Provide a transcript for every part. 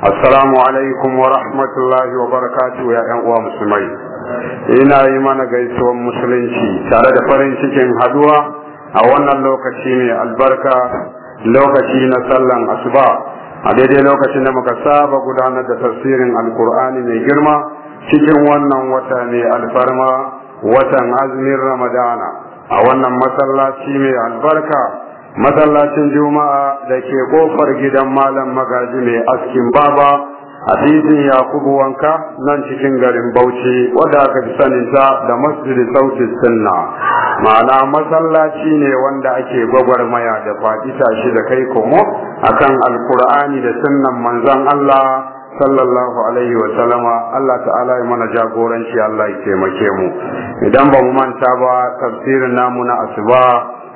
Assalamu alaikum wa rahmatullahi wa barakatu ya ‘yan uwa musulmai. Ina yi mana gaisuwan musulunci tare da farin cikin haduwa a wannan lokaci ne albarka lokaci na sallan asuba a daidai lokacin da muka saba gudanar da tafsirin alkur'ani mai girma cikin wannan wata ne alfarma watan azumin ramadana a wannan masallaci mai albarka masallacin juma'a da ke kofar gidan malam magaji mai askin baba a titin yakubu wanka nan cikin garin bauchi wadda aka fi saninta da masjidi sauti sunna ma'ana masallaci ne wanda ake gwagwarmaya da faɗi tashi da kai komo akan alkur'ani da sunnan manzon allah sallallahu alaihi wa sallama Allah ta'ala ya mana jagoranci Allah ya taimake mu idan ba mu manta ba tafsirin namu na asuba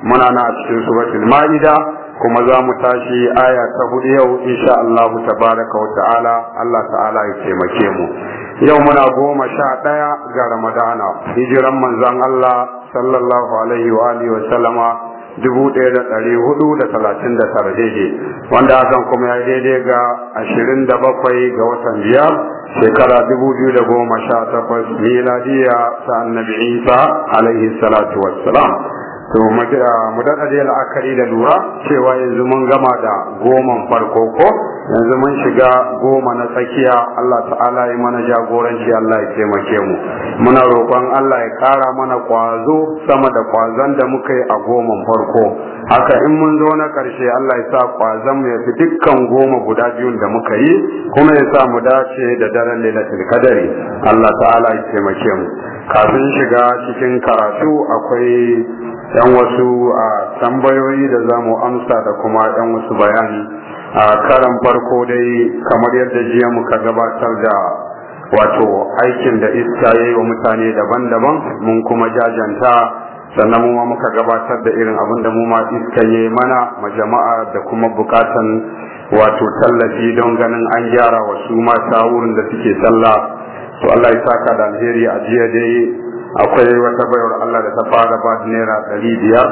muna na a cikin suratul ma'ida kuma za mu tashi aya ta hudu yau insha Allah tabaraka wa ta'ala Allah ta'ala ya taimake mu yau muna goma sha ɗaya ga Ramadana hijiran manzon Allah sallallahu alaihi wa alihi wa sallama dubu ɗaya da ɗari hudu da talatin da tara daidai wanda hakan kuma ya daidai ga ashirin da bakwai ga watan biyar shekara dubu biyu da goma sha takwas miladiya ta annabi isa alaihi salatu wassalam to ah, mu daɗa dai la'akari da lura cewa yanzu mun gama da goman farko ko yanzu mun shiga goma na tsakiya Allah ta'ala ya mana jagoranci Allah ya taimake mu muna roƙon Allah ya ƙara mana ƙwazo sama da ƙwazon da muka yi a goman farko haka in mun zo na ƙarshe Allah ya sa ƙwazon mu ya fi dukkan goma guda biyun da muka yi kuma ya sa mu dace da daren lailatul kadari Allah ta'ala ya taimake mu kafin shiga cikin karatu akwai 'yan wasu a tambayoyi da za mu amsa da kuma 'yan wasu bayani a karan farko dai kamar yadda jiya muka gabatar da wato aikin da iska ya yi wa mutane daban-daban mun kuma jajanta sannan mu ma muka gabatar da irin abin da mu ma iska ya yi mana ma jama'a da kuma bukatan wato tallafi don ganin an gyara wasu mata wurin da suke sallah to Allah ya saka da alheri a jiya dai akwai wata bayar Allah da ta fara ba naira ɗari biyar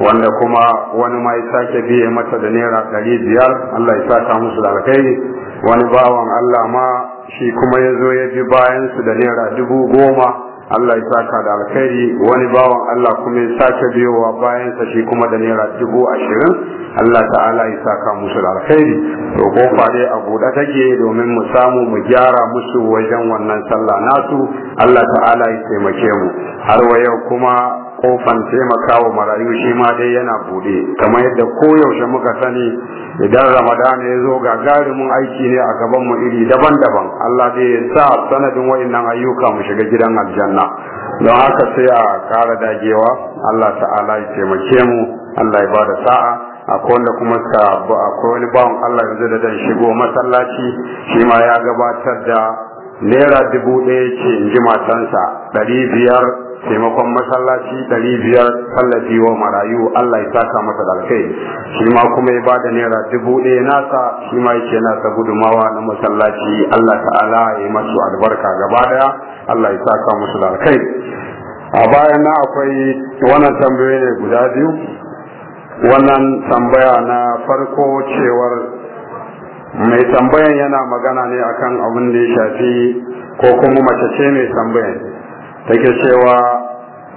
wanda kuma wani ma ya sake biye mata da naira ɗari biyar Allah ya ta musu da alkhairi wani bawan Allah ma shi kuma ya zo ya bi bayansu da naira dubu goma Allah ya saka da alkhairi wani bawan Allah kuma ya sake biyowa bayan sa shi kuma da naira dubu ashirin Allah ta'ala ya saka musu da alkhairi to ko fare a buɗe take domin mu samu mu gyara musu wajen wannan sallah nasu Allah ta'ala ya taimake mu har wa yau kuma kofan taimakawa marayu shi ma dai yana buɗe kamar yadda koyaushe muka sani idan ramadan ya zo gagarumin aiki ne a gabanmu iri daban-daban Allah ya sa sanadin wa'annan ayyuka mu shiga gidan aljanna don haka sai a kara dagewa Allah ta'ala ya taimake mu Allah ya bada sa'a akwai wanda kuma akwai wani bawan Allah yanzu da dan shigo masallaci shi ma ya gabatar da naira dubu ɗaya ce in ji matansa ɗari biyar taimakon masallaci ɗari biyar tallafi wa marayu Allah ya saka masa da alkai shi ma kuma ya bada naira dubu ɗaya nasa shi ma yake nasa gudumawa na masallaci Allah ta'ala ya masu albarka gaba daya Allah ya saka masa da alkai a bayan na akwai wannan tambayoyi ne guda biyu wannan tambaya na farko cewar mai tambayan yana magana ne akan abin da ya shafi ko kuma mace ce mai tambayan take cewa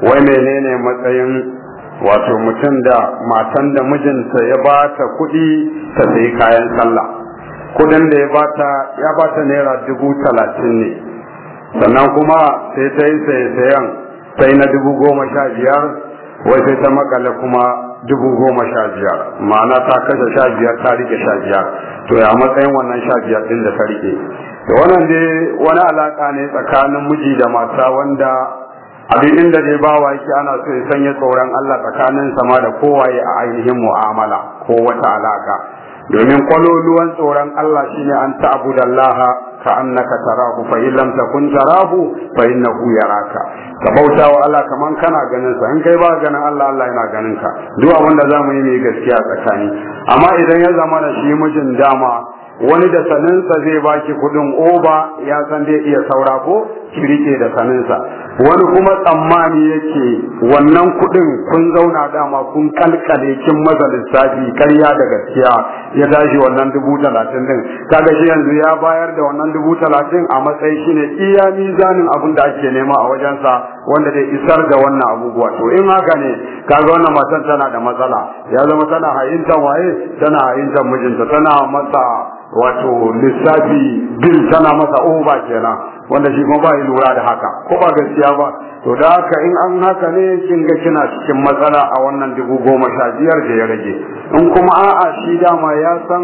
wai menene matsayin wato mutum da matan da mijinta ya ba ta kuɗi ta sayi kayan sallah kuɗin da ya bata ya bata naira dubu talatin ne sannan kuma sai ta yi sayan-sayan sai na dubu goma sha biyar wai sai ta makale kuma dubu goma sha biyar ma'ana ta kashe sha biyar ta rike sha biyar to ya matsayin wannan sha biyar din da ka rike to wannan dai wani alaka ne tsakanin miji da mata wanda abin inda dai bawa yake ana so ya sanya tsoron Allah tsakanin sama da kowaye a ainihin mu'amala ko wata alaka domin kwaloluwan tsoron Allah shine an ta'budallaha ka'annaka tarahu fa in lam takun tarahu fa innahu yaraka ka bauta wa Allah kaman kana ganinsa, in kai ba ganin Allah Allah yana ganin ka duk abin da zamu yi mai gaskiya tsakani amma idan ya zama da shi mijin dama wani da saninsa zai baki kuɗin oba ya san dai iya saura ko ki riƙe da saninsa wani kuma tsammani yake wannan kuɗin kun zauna dama kun kalkale kin maza lissafi karya da gaskiya ya tashi wannan dubu talatin din kaga shi yanzu ya bayar da wannan dubu talatin a matsayi shine iya mizanin abin da ake nema a wajensa wanda zai isar da wannan abubuwa to in haka ne kaga wannan matan tana da matsala ya zama tana hayinta waye tana hayinta mijinta tana masa wato lissafi bil tana masa over kenan wanda shi kuma ba yi lura da haka ko ba gaskiya ba to da haka in an haka ne kin ga kina cikin matsala a wannan dubu goma sha biyar da ya rage in kuma a'a shi dama ya san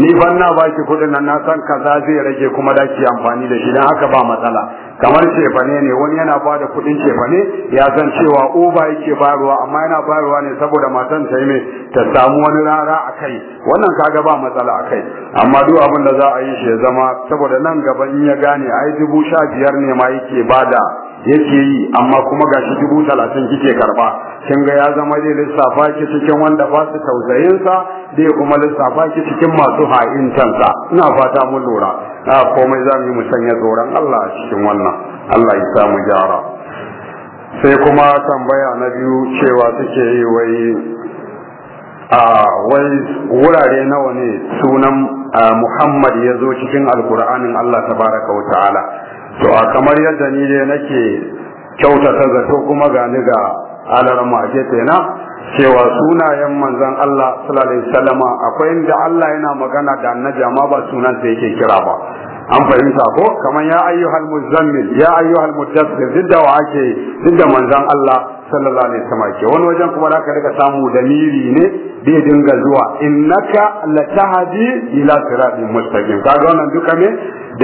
ni ban na baki kuɗin nan na san kaza zai rage kuma da ki amfani da shi dan haka ba matsala kamar cefane ne wani yana ba da kuɗin cefane ya san cewa uba yake bayarwa amma yana bayarwa ne saboda matan ta yi mai ta samu wani rara a kai wannan kaga ba matsala a kai amma duk abin da za a yi shi ya zama saboda nan gaba in ya gane ai dubu sha biyar ne ma yake bada yake yi amma kuma gashi dubu talatin kike karba kin ga ya zama zai lissafa ki cikin wanda ba su tausayinsa zai kuma lissafa ki cikin masu ha'intansa ina fata mun lura a komai za mu yi mu sanya tsoron Allah a cikin wannan Allah ya samu gyara sai kuma tambaya na biyu cewa suke yi wai a wai wurare nawa ne sunan Muhammad ya zo cikin alkur'anin Allah ta baraka wa ta'ala to a kamar yadda ni dai nake kyautata zato kuma ga ni ga alarma ke kenan cewa sunayen manzon Allah sallallahu alaihi wasallama akwai inda Allah yana magana da annabi amma ba sunan sa yake kira ba an fahimta ko kamar ya ayyuhal muzammil ya ayyuhal mudaththir duk da ake duk da manzon Allah sallallahu alaihi wasallam ke wani wajen kuma zaka rika samu damiri ne bai dinga zuwa innaka latahdi ila siratin mustaqim kaga wannan duka ne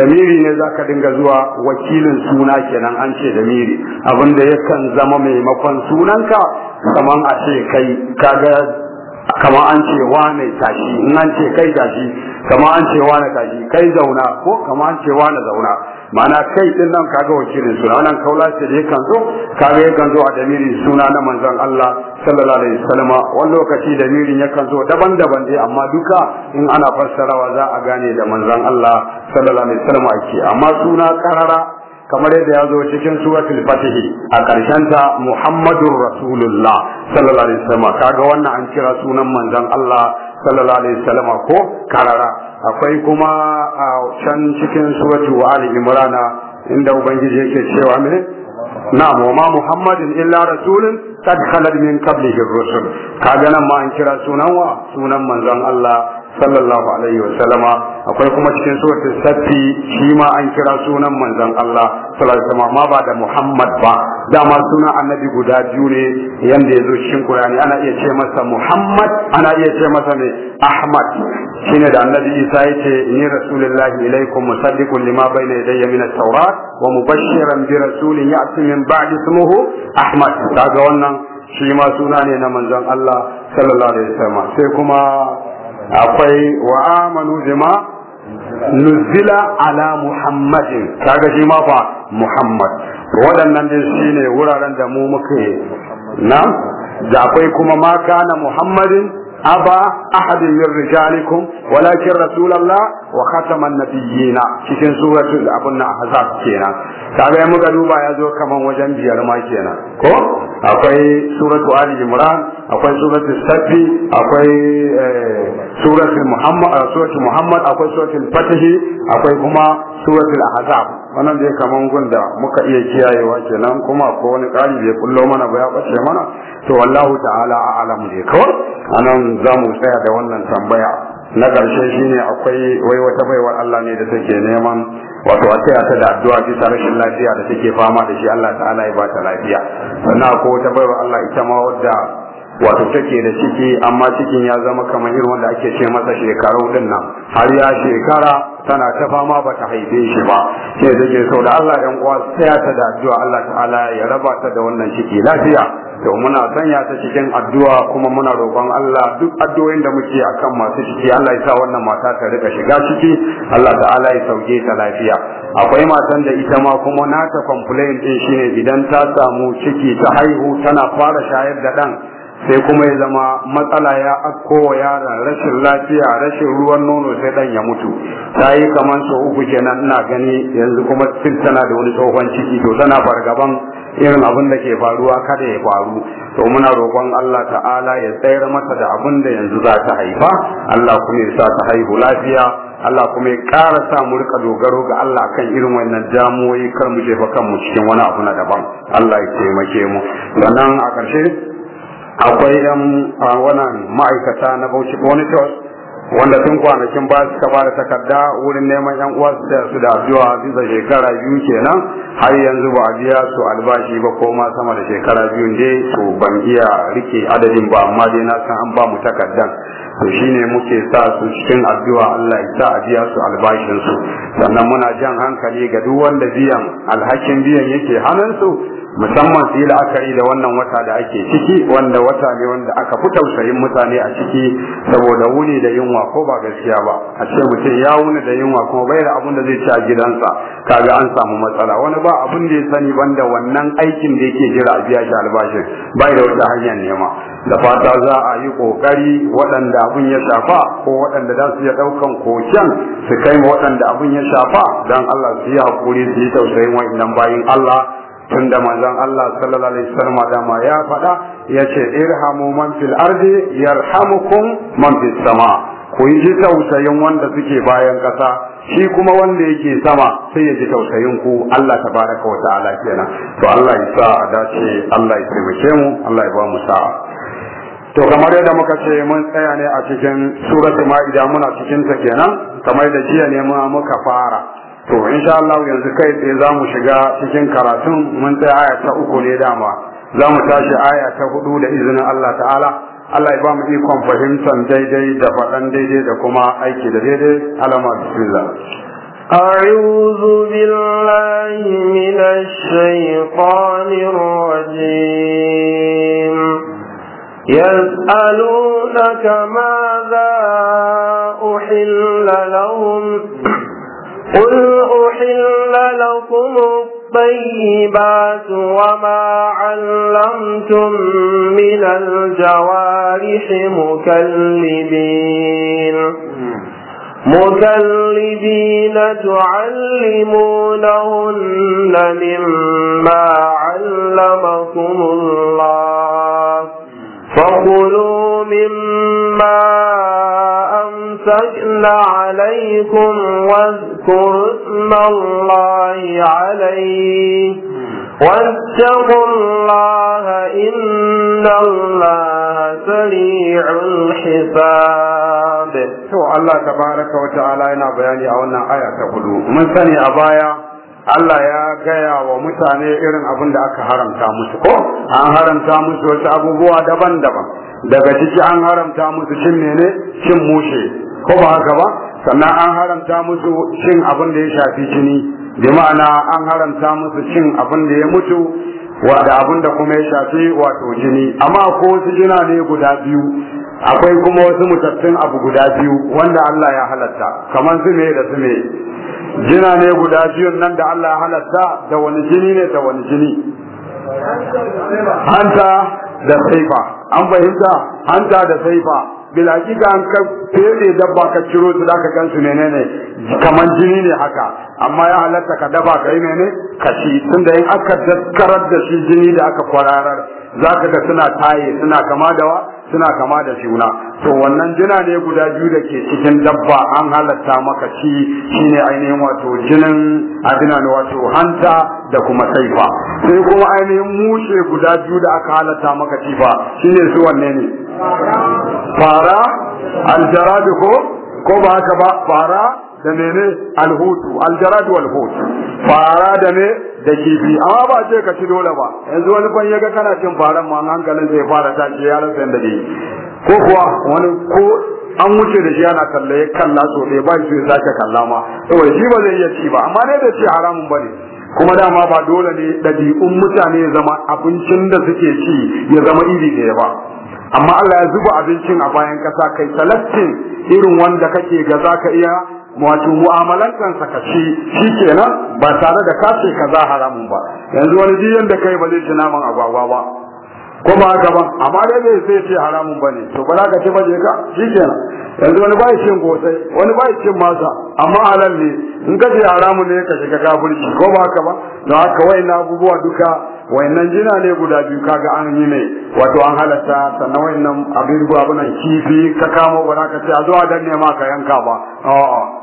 damiri ne zaka dinga zuwa wakilin suna kenan an ce damiri abinda yakan zama maimakon sunanka kaman a ce kai kaga kama an ce wane tashi in an ce kai tashi kama an ce wane tashi kai zauna ko kama an ce wane zauna mana kai din nan kaga wakilin suna nan kaula ce da yakan zo kaga yakan zo a damirin suna na manzon Allah sallallahu alaihi wasallam wani lokaci damirin yakan zo daban-daban dai amma duka in ana fassarawa za a gane da manzon Allah sallallahu alaihi wasallam ake amma suna karara kamar yadda ya zo cikin suratul fatih a ƙarshen ta muhammadur rasulullah sallallahu alaihi wasallam kaga wannan an kira sunan manzon Allah sallallahu alaihi wasallam ko karara akwai kuma a can cikin suratul ali imran inda ubangiji yake cewa mene na'am wa ma muhammadin illa rasulun qad khalat min qablihi ar-rusul kaga nan ma an kira sunan wa sunan manzon Allah sallallahu alaihi wa sallama akwai kuma cikin suratul safi shi ma an kira sunan manzon Allah sallallahu alaihi wa ma ba da Muhammad ba dama sunan annabi guda biyu ne yanda yazo cikin Qur'ani ana iya ce masa Muhammad ana iya ce masa ne Ahmad shine da annabi Isa yace ni rasulullahi ilaikum musaddiqun lima bayna yadayya min at-taurat wa mubashiran bi rasulin ya'ti min ba'di ismuhu Ahmad kaga wannan shi ma suna ne na manzon Allah sallallahu alaihi wasallam sai kuma akwai wa amanu bima nuzila ala muhammadin kaga shi ma fa muhammad waɗannan din shine wuraren da mu muke na da akwai kuma ma kana muhammadin أبا أحد من رجالكم ولكن رسول الله وختم النبيين cikin سورة abun أحزاب kenan kaga muka duba ya zo kaman wajen biyar ma kenan ko akwai suratu ali imran akwai suratu safi akwai suratu muhammad akwai suratu fatih akwai kuma suratu ahzab wannan dai kaman gunda muka iya kiyayewa kenan kuma ko wani kalibi ya kullo mana ba ya bace mana to wallahu ta'ala a'lam ne kawai anan za mu tsaya da wannan tambaya na ƙarshe shine akwai wai wata baiwar Allah ne da take neman wato a taya ta da addu'a bisa rashin lafiya da take fama da shi Allah ta'ala ya bata lafiya sannan akwai wata baiwar Allah ita ma wadda wato take da ciki amma cikin ya zama kamar irin wanda ake ce masa shekaru din nan har ya shekara tana ta fama ba ta haife shi ba sai take so da Allah ɗan uwa tsaya ta da addu'a Allah ta'ala ya raba ta da wannan ciki lafiya to muna sanya ta cikin addu'a kuma muna roƙon Allah duk addu'o'in da muke a kan masu ciki Allah ya sa wannan mata ta rika shiga ciki Allah ta'ala ya sauke ta lafiya akwai matan da ita ma kuma nata complain din shine idan ta samu ciki ta haihu tana fara shayar da dan sai kuma ya zama matsala ya akko yaran rashin lafiya rashin ruwan nono sai dan ya mutu ta yi kamar sau uku kenan ina gani yanzu kuma tana da wani tsohon ciki to tana fargaban irin abin da ke faruwa kada ya faru to muna roƙon Allah ta'ala ya tsayar masa da abin da yanzu za ta haifa Allah kuma ya sa ta haihu lafiya Allah kuma ya ƙara sa mu rika dogaro ga Allah kan irin wannan damuwoyi kar mu jefa kanmu cikin wani abu na daban Allah ya taimake mu sannan a ƙarshe akwai yan wannan ma'aikata na Bauchi Bonitos wanda tun kwanakin ba su ba da takarda wurin neman yan uwa su da addu'a bisa shekara biyu kenan har yanzu ba a biya su albashi ba ko ma sama da shekara biyu dai to ban iya rike adadin ba amma dai na san an ba mu takardan to shine muke sa su cikin addu'a Allah ya sa biya su albashin su sannan muna jan hankali ga duk wanda biyan alhakin biyan yake hannun su musamman su yi la'akari da wannan wata da ake ciki wanda wata ne wanda aka fi tausayin mutane a ciki saboda wuni da yunwa ko ba gaskiya ba a ce mutum ya wuni da yunwa kuma bai da abin da zai ci a gidansa kaga an samu matsala wani ba abun da ya sani banda wannan aikin da yake jira a biya shi albashin bai da wata hanyar nema da fata za a yi kokari waɗanda abin ya shafa ko waɗanda za su iya ɗaukan koken su kai waɗanda abin ya shafa don Allah su yi haƙuri su yi tausayin wa'innan bayin Allah tunda manzon Allah sallallahu alaihi wasallam dama ya faɗa yace irhamu man fil ardi yarhamukum man fis sama ku yi ji tausayin wanda suke bayan ƙasa shi kuma wanda yake sama sai ya ji tausayin ku Allah tabaraka wa ta'ala kenan to Allah ya sa a dace Allah ya taimake mu Allah ya ba mu sa'a to kamar yadda muka ce mun tsaya ne a cikin suratul ma'ida muna cikin ta kenan kamar da jiya ne muka fara to insha Allah yanzu kai tsaye za mu shiga cikin karatun mun tsaya aya ta uku ne dama za mu tashi aya ta hudu da izinin Allah ta'ala Allah ya ba mu ikon fahimtar daidai da faɗan daidai da kuma aiki da daidai alama bismillah أعوذ بالله من الشيطان الرجيم يسألونك ماذا أحل لهم قل أحل لكم الطيبات وما علمتم من الجوارح مكلبين مكلبين تعلمونهن مما علمكم الله فكلوا مما أمسكنا عليكم واذكروا اسم الله عليه واتقوا الله إن الله سريع الحساب. شو الله تبارك وتعالى بياني أن أونا آية تقولوا من ثاني أبايا Allah ya gaya wa mutane irin abin da aka haramta musu ko an haramta musu wasu abubuwa daban-daban daga ciki an haramta musu cin mene cin mushe ko ba haka ba sannan an haramta musu cin abin da ya shafi jini bi ma'ana an haramta musu cin abin da ya mutu wa da abin da kuma ya shafi wato jini amma ko su jina ne guda biyu akwai kuma wasu mutattun abu guda biyu wanda Allah ya halatta kamar zume ne da zume jina ne guda biyun nan da Allah ya halatta da wani jini ne da wani jini hanta da saifa an fahimta hanta da saifa bil hakika an ka fede dabba ka ciro su zaka gan su menene kamar jini ne haka amma ya halatta ka daba yi menene kashi tunda in aka daskarar da shi jini da aka kwararar zaka ga suna taye suna kama da wa suna kama da juna to wannan jina ne guda biyu da ke cikin dabba an halatta maka ci shine ainihin wato jinin abina ne wato hanta da kuma saifa sai kuma ainihin mushe guda biyu da aka halatta maka ci ba shine su wanne ne fara aljarabi ko ko ba haka ba fara da mene alhutu aljarad walhut fara da ne da kifi amma ba ce ka ci dole ba yanzu wani ban yaga kana cin faran ma hankalin zai fara tashi ya rasa yanda dai ko kuwa wani ko an wuce da shi yana kalla ya kalla so dai ba shi ka kalla ma saboda shi ba zai iya ci ba amma ne da ci haramun bane kuma dama ba dole ne ɗabi'un mutane ya zama abincin da suke ci ya zama iri ɗaya ba amma Allah ya zuba abincin a bayan ƙasa kai salatin irin wanda kake ga zaka iya wato mu'amalan sa ka shi kenan ba tare da ka kaza haramun ba yanzu wani jiyan da kai ba zai ci naman agwagwa ba ko ba haka ba amma dai bai sai ce haramun bane to ba za ka ci baje ka shi kenan. yanzu wani bai cin gosai wani bai cin masa amma alal ne in ka ce haramun ne ka shiga kafirci ko ba haka ba To haka na abubuwa duka nan jina ne guda biyu kaga an yi ne wato an halatta sannan nan abin abunan kifi ka kama ba za ka ce a zuwa dan ne ma ka yanka ba a'a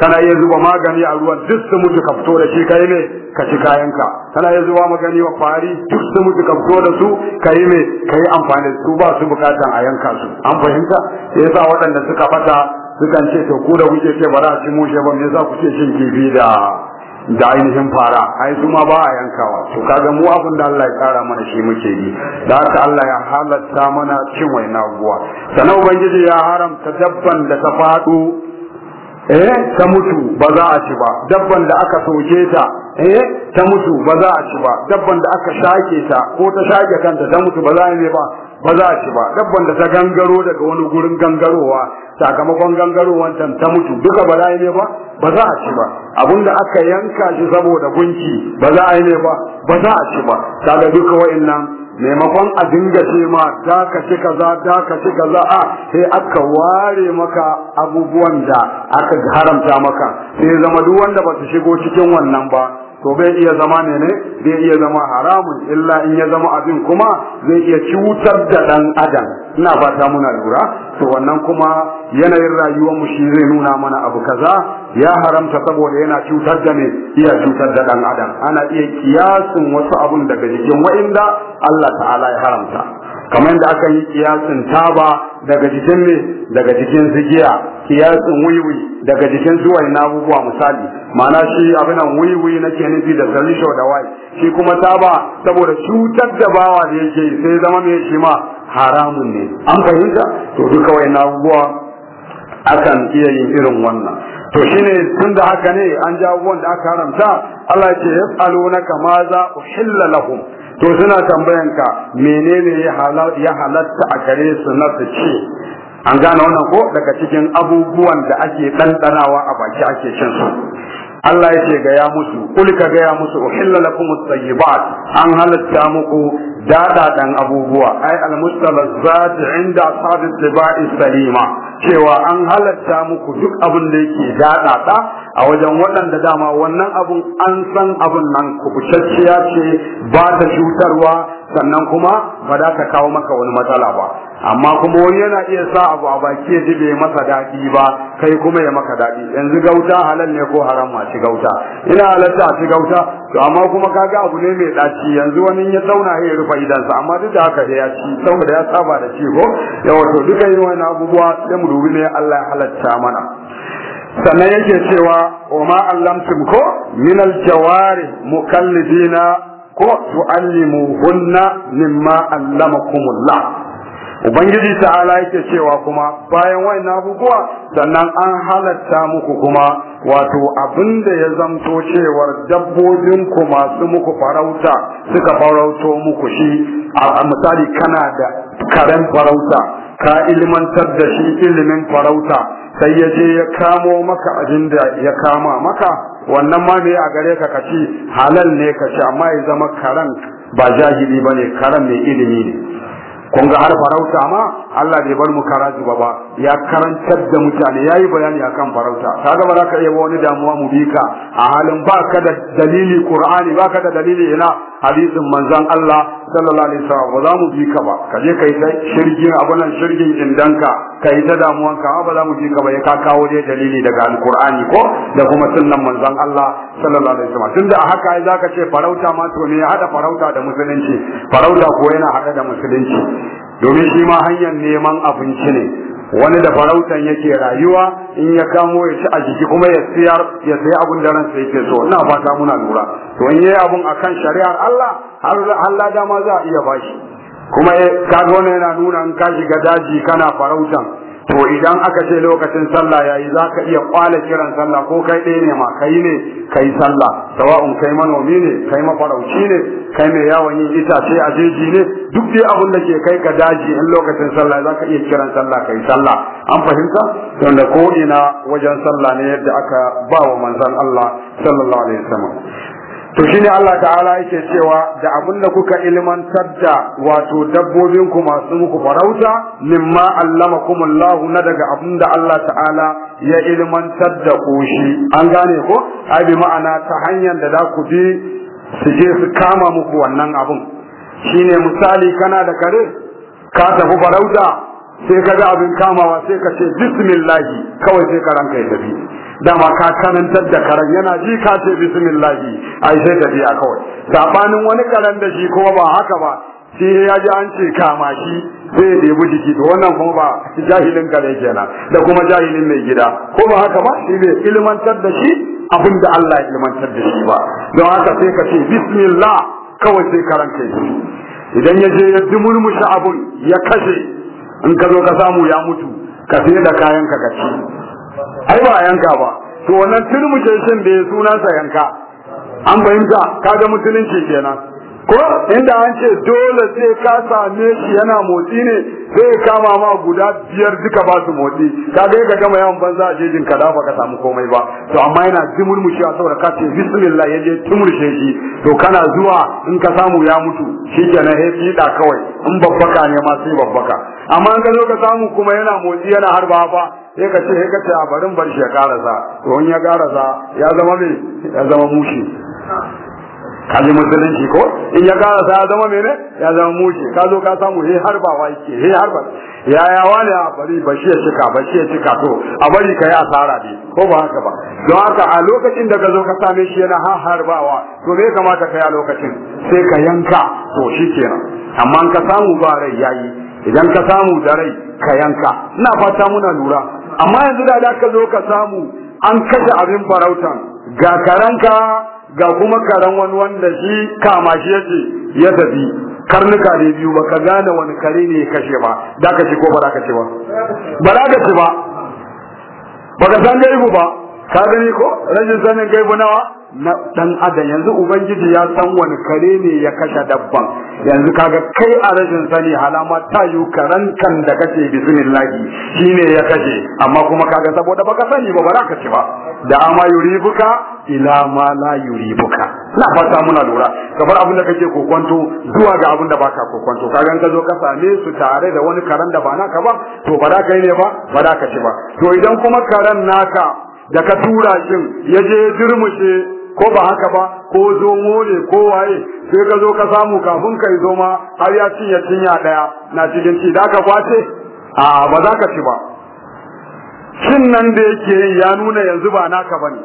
kana iya zuba magani a ruwa duk su mutu ka fito da shi kai ne ka ci kayanka kana iya zuba magani wa fari duk su mutu ka fito da su kai ne yi amfani su ba su bukatan a yanka su an fahimta ya sa waɗanda suka fata sukan ce to ku da kuke ce ba za a ci mushe ba me za ku ce shin kifi da da ainihin fara ai su ma ba a yankawa to kaga mu abin da Allah ya kara mana shi muke yi da haka Allah ya halatta mana cin waina naguwa. sanan ubangiji ya haramta dabban da ta faɗo eh ta mutu ba za a ci ba dabban da aka soke ta eh ta mutu ba za a ci ba dabban da aka shake ta ko ta shake kanta ta mutu ba za a yi ba ba za a ci ba dabban da ta gangaro daga wani gurin gangarowa sakamakon gangarowar ta ta mutu duka ba za a yi ba ba za a ci ba abinda aka yanka shi saboda gunki ba za a yi ba ba za a ci ba kaga duka wa'annan maimakon a dinga ce ma da ka ci kaza da ka ci kaza a sai aka ware maka abubuwan da aka haramta maka sai zama duk wanda ba su shigo cikin wannan ba to bai iya zama ne ne zai iya zama haramun illa in ya zama abin kuma zai iya cutar da dan adam ina fata muna lura to wannan kuma yanayin rayuwar mu shi zai nuna mana abu kaza ya haramta saboda yana cutar da ne iya cutar da dan adam ana iya kiyasin wasu abun daga jikin wa'inda Allah ta'ala ya haramta kamar da aka yi kiyasin taba daga jikin ne daga jikin zigiya kiyasin wiwi daga jikin zuwa na abubuwa misali ma'ana shi abinan wiwi na ke nufi da salisho da wai shi kuma taba saboda cutar da bawa da yake sai zama mai shi ma haramun ne an fahimta to duka wai na abubuwa akan iya yin irin wannan to shine tun da haka ne an jawo da aka haramta Allah ya ce na kama za uhilla lahum to suna tambayan ka menene ya halatta a kare su na su ce an gane wannan ko daga cikin abubuwan da ake ɗanɗanawa a baki ake cin su Allah ya ce gaya musu kulka ka gaya musu uhilla lakum at-tayyibat an halatta muku dadadan abubuwa ai zati inda ashabi tibai salima cewa an halatta muku duk abin da yake dadada a wajen waɗanda dama wannan abun an san abun nan ku kubutacciya ce ba ta cutarwa sannan kuma ba za ta kawo maka wani matsala ba amma kuma wani yana iya sa abu a baki ya jibe masa daɗi ba kai kuma ya maka daɗi yanzu gauta halal ne ko haram ma ci gauta ina halatta ci gauta to amma kuma kaga abu ne mai daci yanzu wani ya zauna ya rufa idansa amma duk da haka da ya ci saboda ya saba da ci ko yawa to duka yin wani abubuwa sai mu dubi ne Allah ya halatta mana sannan yake cewa wa ma allamtum ko min aljawari mukallidina ko tu'allimuhunna mimma allamakumullah ubangiji ta'ala yake cewa kuma bayan wayan abubuwa sannan an halatta muku kuma wato abin da ya zanto cewar dabbobin ku masu muku farauta suka farauto muku shi a misali kana da karen farauta ka ilimantar da shi ilimin farauta sai ya je ya kamo maka abin da ya kama maka wannan ma me a gare ka kaci halal ne kaci amma ya zama karen ba jahili bane karen mai ilimi ne kun ga har farauta ma Allah bai bar mu karaji ba ba ya karantar da mutane yayi bayani akan farauta kaga ba za ka iya wani damuwa mu bi ka a halin ba ka da dalili Qur'ani ba ka da dalili ina hadisin manzon Allah sallallahu alaihi wasallam ba za mu bi ka ba ka je kai ta shirgin abunan shirgin indanka kai ta damuwan ka ba za mu bi ka ba ya ka kawo dai dalili daga alqur'ani ko da kuma sunnan manzon Allah sallallahu alaihi wasallam tunda a haka ai zaka ce farauta ma to ne hada farauta da musulunci farauta ko yana hada da musulunci domin shi ma hanyar neman abinci ne wani da farautan yake rayuwa in ya kamo ya ci a jiki kuma ya siyar ya sayi abun da ransa yake so ina fata muna lura to in yayi abun akan shari'ar Allah har Allah ma za a iya bashi kuma eh, ka gona yana nuna in ka shiga daji kana farautan to idan aka ce lokacin sallah yayi ka iya kwala kiran sallah ko kai ɗaya ne ma kai ne kai sallah sawa'un kai manomi ne kai mafarauci ne kai mai yawon yin itace a jeji ne duk dai abin da ke kai ka daji in lokacin sallah ka iya kiran sallah kai sallah an fahimta don ko ina wajen sallah ne yadda aka ba wa manzon Allah sallallahu alaihi wasallam to shine Allah ta'ala yake cewa da abin da kuka ilmantar da wato dabbobin ku masu muku farauta mimma allama Allah na daga abin da Allah ta'ala ya ilmantar da ku shi an gane ko ai bi ma'ana ta hanyar da za ku bi su je su kama muku wannan abun shine misali kana da kare ka tafi farauta sai ka ga abin kamawa sai ka ce bismillahi kawai sai ka ranka ya tafi dama ka karantar da karan yana ji ka ce bismillahi ai sai a kawai sabanin wani karan da shi kuma ba haka ba sai ya ji an ce kama shi sai ya debi jiki to wannan kuma ba jahilin kare kenan da kuma jahilin mai gida ko ba haka ba shi bai ilmantar da shi abin da Allah ya ilmantar da shi ba don haka sai ka ce bismillah kawai sai ka ya idan ya je ya ji murmushi abun ya kashe in ka zo ka samu ya mutu ka sai da kayan ka ka ci ai ba yanka ba to wannan turmuke shin da sunansa yanka an fahimta ga musulunci kenan ko inda an ce dole sai ka same shi yana motsi ne zai kama ma guda biyar duka ba su motsi ka ga ka gama yawan banza a jejin ka da ka samu komai ba to amma yana jimurmushewa saboda ka ce bismillah je tumur shi to kana zuwa in ka samu ya mutu shi na hefi da kawai in babbaka ne ma sai babbaka amma in ka zo ka samu kuma yana motsi yana harba ba sai ka ce sai ka ce a barin bar shi ya karasa to in ya karasa ya zama mai ya zama mushi ka ji musulunci ko in ya kara sa zama mene ya zama mushe ka zo ka samu he harba wa yake he harba ya ya wani a bari ba shi ya cika ba shi ya cika to a bari ka yi asara ne ko ba haka ba don haka a lokacin da ka zo ka same shi yana ha harbawa to me kamata ka yi a lokacin sai ka yanka to shi kenan amma ka samu ba rai yayi idan ka samu da rai ka yanka ina fata muna lura amma yanzu da ka zo ka samu an kashe abin farautan ga karanka ga kuma karen wani wanda shi kama shi yace ya tafi karnuka ne biyu ba ka gane wani kare ne ya kashe ba da ka ko ba ka ce ba ba da ka ci ba ba ka san gaibu ba ka gani ko rashin sanin gaibu nawa na dan adam yanzu ubangiji ya san wani kare ne ya kashe dabban yanzu kaga kai a rashin sani halama ta yi karan kan da kace bismillahi shine ya kashe amma kuma kaga saboda baka sani ba baraka ce ci ba da ama yuribuka ila ma la yuribuka na fata muna lura kamar abin da kake kokonto zuwa ga abin da baka kokonto kaga ka zo ka same su tare da wani karan da ba naka ba to baraka kai ne ba baraka ce ci ba to idan kuma karan naka da ka tura shin ya je ko ba haka ba ko zomo ne ko waye sai ka zo ka samu kafin ka yi zoma har ya cinye cinya daya na cikin ci da ka kwace a ba za ka ci ba cin nan da yake yi ya nuna yanzu ba naka bane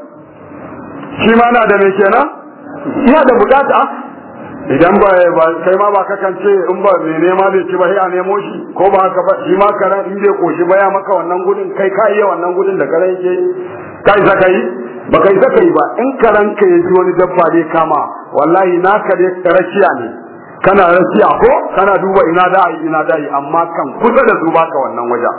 shi ma na da me kenan ina da bukata idan ba kai ma ba kance in ba me ne ma bai ci ba sai a nemo shi ko ba haka ba shi ma karan in bai koshi ba maka wannan gudun kai ka iya wannan gudun da karan yake kai zakai ba kai ta ba in karanka ya ji wani dabba ne kama wallahi naka ne rashiya ne kana rashiya ko kana duba ina da ai ina da ai amma kan kusa da duba ka wannan wajen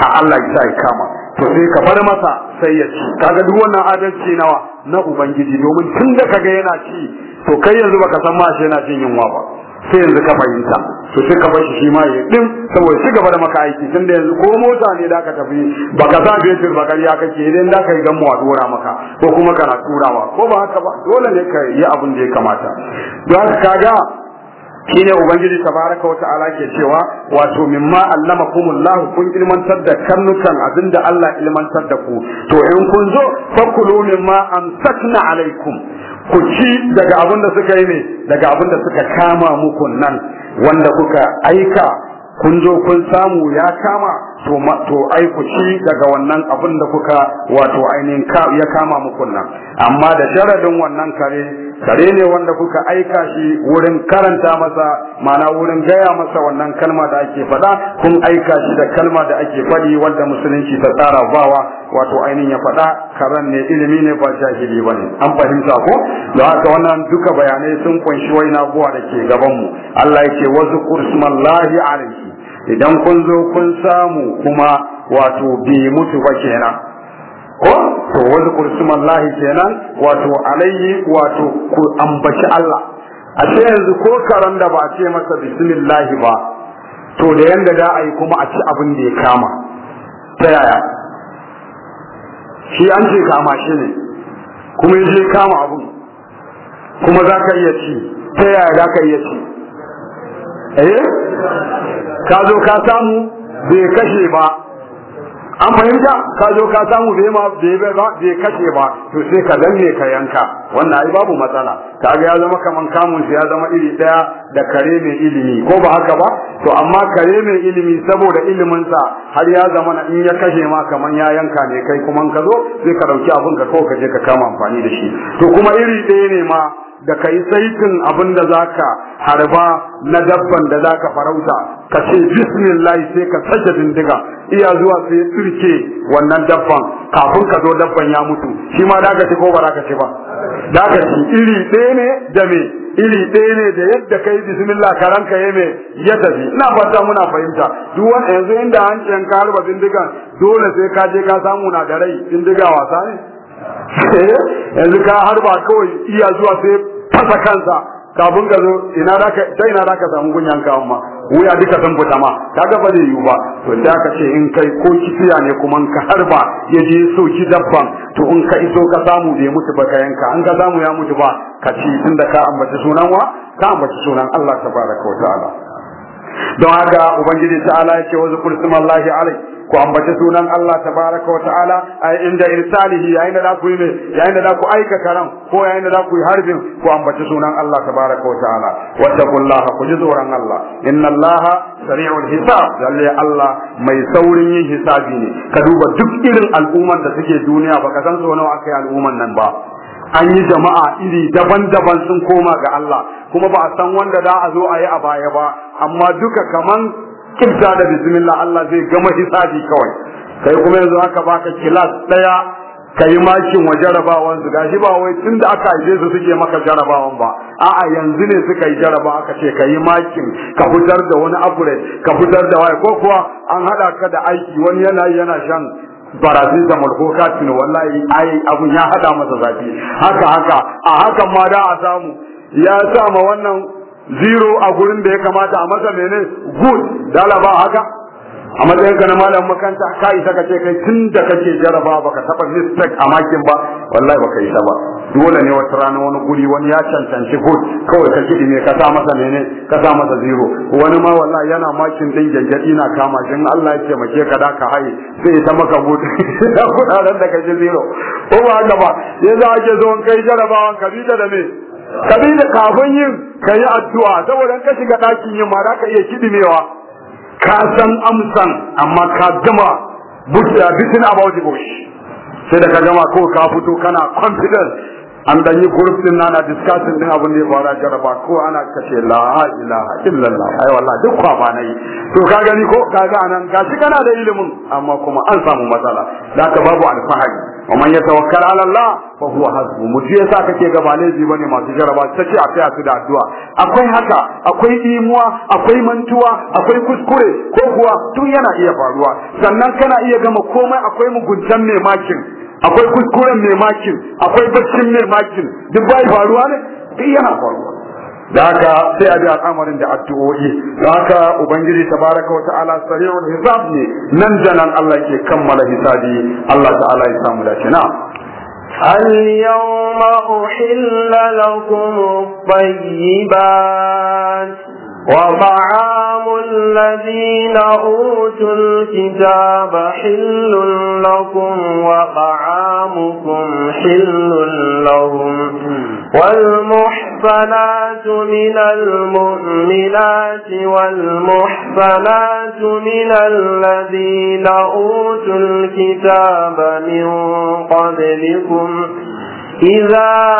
ha Allah ya sai kama to sai ka bar masa sai ya ci kaga duk wannan adalci nawa na ubangiji domin tun da kaga yana ci to kai yanzu baka san ma shi yana jin yunwa ba sai yanzu ka fahimta to sai ka bashi shi ma ya din saboda ci gaba da maka aiki da yanzu ko mota ne da ka tafi ba ka sa fetur ba kariya kake idan da ka yi gamuwa dora maka ko kuma kana turawa ko ba haka ba dole ne ka yi abin da ya kamata don haka kaga shine ubangiji tabaraka ta'ala ke cewa wato mimma allamakumullah kun ilmantar da karnukan abinda Allah ilmantar da ku to in kun zo fakulu mimma amsakna alaikum ku ci daga abin da suka yi ne daga abin da suka kama muku nan wanda kuka aika kun zo kun samu ya kama to ai ku ci daga wannan abin da kuka wato ainihin ya kama muku nan amma da sharadin wannan kare kare ne wanda kuka aika shi wurin karanta masa ma'ana wurin gaya masa wannan kalma da ake faɗa kun aika shi da kalma da ake faɗi wanda musulunci ta tsara bawa wato ainihin ya faɗa karan ne ilimi ne ba jahili ba ne an fahimta ko da haka wannan duka bayanai sun kunshi waina buwa da ke gabanmu Allah ya ce wasu kursumallahi alaihi idan kun zo kun samu kuma wato bi mutu ba kenan ko to wani lahi kenan wato alayhi wato ku ambaci Allah a ce yanzu ko karan da ba a ce masa bismillah ba to da yanda da ai kuma a ci abin da ya kama ta yaya shi an ce kama shi ne kuma yaje kama abun. kuma za ka iya ci ta yaya za ka iya ci eh ka zo ka samu bai kashe ba an fahimta ka zo ka samu bai ma bai ba bai kace ba to sai ka danne ka yanka wannan ai babu matsala kaga ya zama kaman kamun shi ya zama iri daya da kare mai ilimi ko ba haka ba to amma kare mai ilimi saboda ilimin sa har ya zama na in ya kashe ma kaman ya yanka ne kai kuma ka zo sai ka dauki abin ka ko ka je ka kama amfani da shi to kuma iri daya ne ma da ka yi saitin abin da za ka harba na dabban da za ka farauta ka ce bismillah sai ka sake bindiga iya zuwa sai turke wannan dabban kafin ka zo dabban ya mutu shi ma da ka ci ko ba da ka ce ba da ka ci iri ɗaya ne da me iri ɗaya ne da yadda ka yi bismillah ka ranka ya me ya tafi ina fata muna fahimta duk wanda yanzu inda hancin ka harba bindigan dole sai ka je ka samu na da rai bindiga wasa ne eh, yanzu ka harba kawai iya zuwa sai fasa kansa kafin ka zo ina za ka ta ina za ka samu gunyan ka amma wuya duka sun fita ma kaga ba zai yiwu ba to da ka ce in kai ko kifiya ne kuma ka harba ya je so ki dabban to in ka iso ka samu ya mutu ba ka yanka an ka samu ya mutu ba ka ci tunda ka ambaci sunan wa ka ambaci sunan Allah tabaraka wa ta'ala don haka ubangiji ta'ala ya ce wasu zukur sumallahi alai ku ambaci sunan Allah tabaraka wa ta'ala a inda irsalihi yayin da ku yi ne yayin da ku aika karan ko yayin da ku yi harbin ku ambaci sunan Allah tabaraka wa ta'ala wattaqullaha ku ji tsoron Allah inna Allah sari'ul hisab lalle Allah mai saurin yin hisabi ne ka duba duk irin al'umman da suke duniya baka san so nawa akai al'umman nan ba an yi jama'a iri daban-daban sun koma ga Allah kuma ba a san wanda da a zo a yi a baya ba amma duka kaman kibta da bismillah Allah zai gama hisabi kawai kai kuma yanzu aka baka kilas daya kai makin wa jarabawan su gashi ba wai tunda aka aje su suke maka jarabawan ba a'a yanzu ne suka yi jaraba aka ce kai makin ka fitar da wani upgrade ka fitar da waya ko kuwa an hada ka da aiki wani yana yana shan barazin da mulkoka tuno wallahi ai abun ya hada masa zafi haka haka a hakan ma da a samu ya sa ma wannan zero a gurin da ya kamata a masa mene good ba haka a matsayin ka na malam makanta ka isa ka ce kai tun da kake jaraba baka taba mistake a makin ba wallahi baka isa ba dole ne wata rana wani guri wani ya cancanci hud kawai ka kidi ne ka sa masa ne ka sa masa zero wani ma wallahi yana makin din gangadi na kama shin Allah ya taimake ka da ka haye sai ta maka hud da kudaden da kaje zero ko ba haka ba yanzu ake zo kai jarabawan kabila da me kabila kafin yin kayi addu'a saboda ka shiga dakin yin ma za ka iya kidimewa ka san amsan amma ka gama bisin about it sai da ka gama ko ka fito kana confident an dan yi group din na discussing din abin da ya fara jaraba ko ana kashe la ilaha illallah ai wallahi duk kwa ba nayi to ka gani ko ka kaga anan shi kana da ilimin amma kuma an samu matsala da ka babu alfahari ومن ala allah fa huwa hasbu mutu ya yasa kake ga ne ji bane masu jaraba take a kai da addu'a akwai haka akwai imuwa akwai mantuwa akwai kuskure ko kuwa tun yana iya faruwa sannan kana iya gama komai akwai muguntan mai makin akwai kuskuren mai makin akwai baccin mai makin duk bai faruwa ne duk eh, yana faruwa da haka sai a bi al'amarin da addu'o'i da haka ubangiji tabaraka wa ta'ala sari'ul hisab ne nan da nan Allah ke kammala hisabi Allah ta'ala ya samu dace na اليوم أحل لكم الطيبات وطعام الذين أوتوا الكتاب حل لكم وطعامكم حل لهم والمحفنات من المؤمنات والمحفنات من الذين أوتوا الكتاب من قبلكم إذا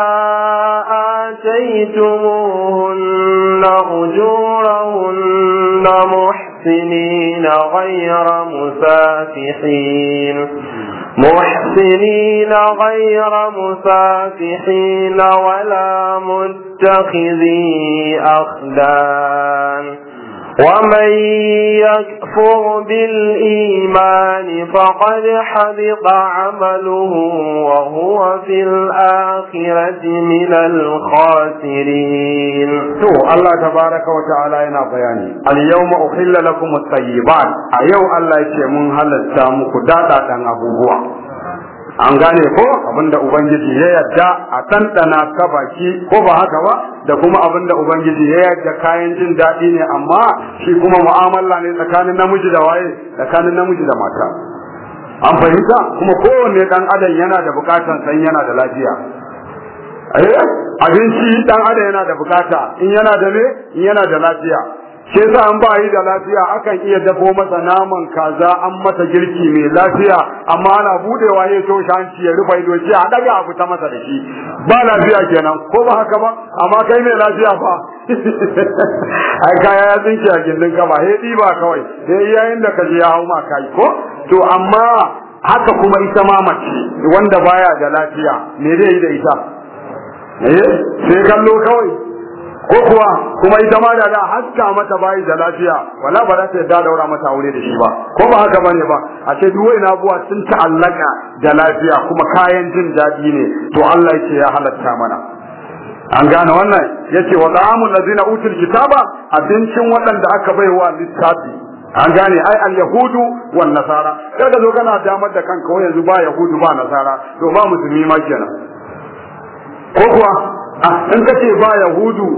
آتيتموهن أجورهن محسنين غير مسافحين محسنين غير مسافحين ولا متخذي أخدان ومن يكفر بالإيمان فقد حبط عمله وهو في الآخرة من الخاسرين تو الله تبارك وتعالى ينا بياني اليوم أحل لكم الطيبات أيو الله يشي هل السامك دادا دان an gane ko abinda ubangiji ya yarda a tantana ta baki ko ba haka ba da kuma abinda ubangiji ya yarda kayan jin daɗi ne amma shi kuma mu'amala ne tsakanin namiji da waye tsakanin namiji da mata an fahimta kuma kowanne dan adam yana da bukatan san yana da lafiya eh? abinci dan adam yana da bukata in yana da me in yana da lafiya ke sa an ba yi da lafiya akan iya dafo masa naman kaza an masa girki mai lafiya amma ana budewa ya to shanci ya rufe ido ce a daga abu ta masa da shi ba lafiya kenan ko ba haka ba amma kai mai lafiya fa ai kaya ya tsinci a gindin ka ba hedi ba kawai sai yayin da ka je ya hau ma kai ko to amma haka kuma ita ma mace wanda baya da lafiya me zai yi da ita eh sai kallo kawai ko kuwa kuma ita ma da haska mata bayi da lafiya wala ba za ta yarda daura mata aure da shi ba ko ba haka bane ba a ce duk wani abuwa sun ta'allaka da lafiya kuma kayan jin daɗi ne to Allah yake ya halatta mana an gane wannan yace wa ta'amul ladina utul kitaba abincin waɗanda aka baiwa littafi an gane ai al yahudu wan nasara kaga zo kana damar da kanka wai yanzu ba yahudu ba nasara to ba musulmi ma kenan ko kuwa Ah, in ka ce ba yahudu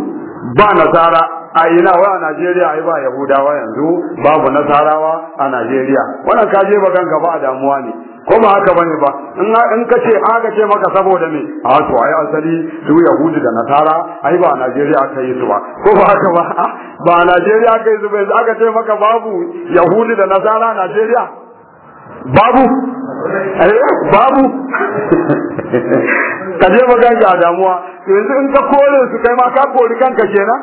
ba nasara a ina wa a Najeriya ai ba yahudawa yanzu babu nasarawa a Najeriya wannan ka je ba ganka ba damuwa ne ko ma haka bane ba in ka ce ga ce maka saboda me a to ai asali su yahudu da nasara ai ba Najeriya aka yi su ba ko ba haka ba ah, ba Najeriya aka yi su ba aka ce maka babu yahudu da nasara a Najeriya babu babu ka je magan a damuwa yanzu in ka kore su kai ma ka kori kanka kenan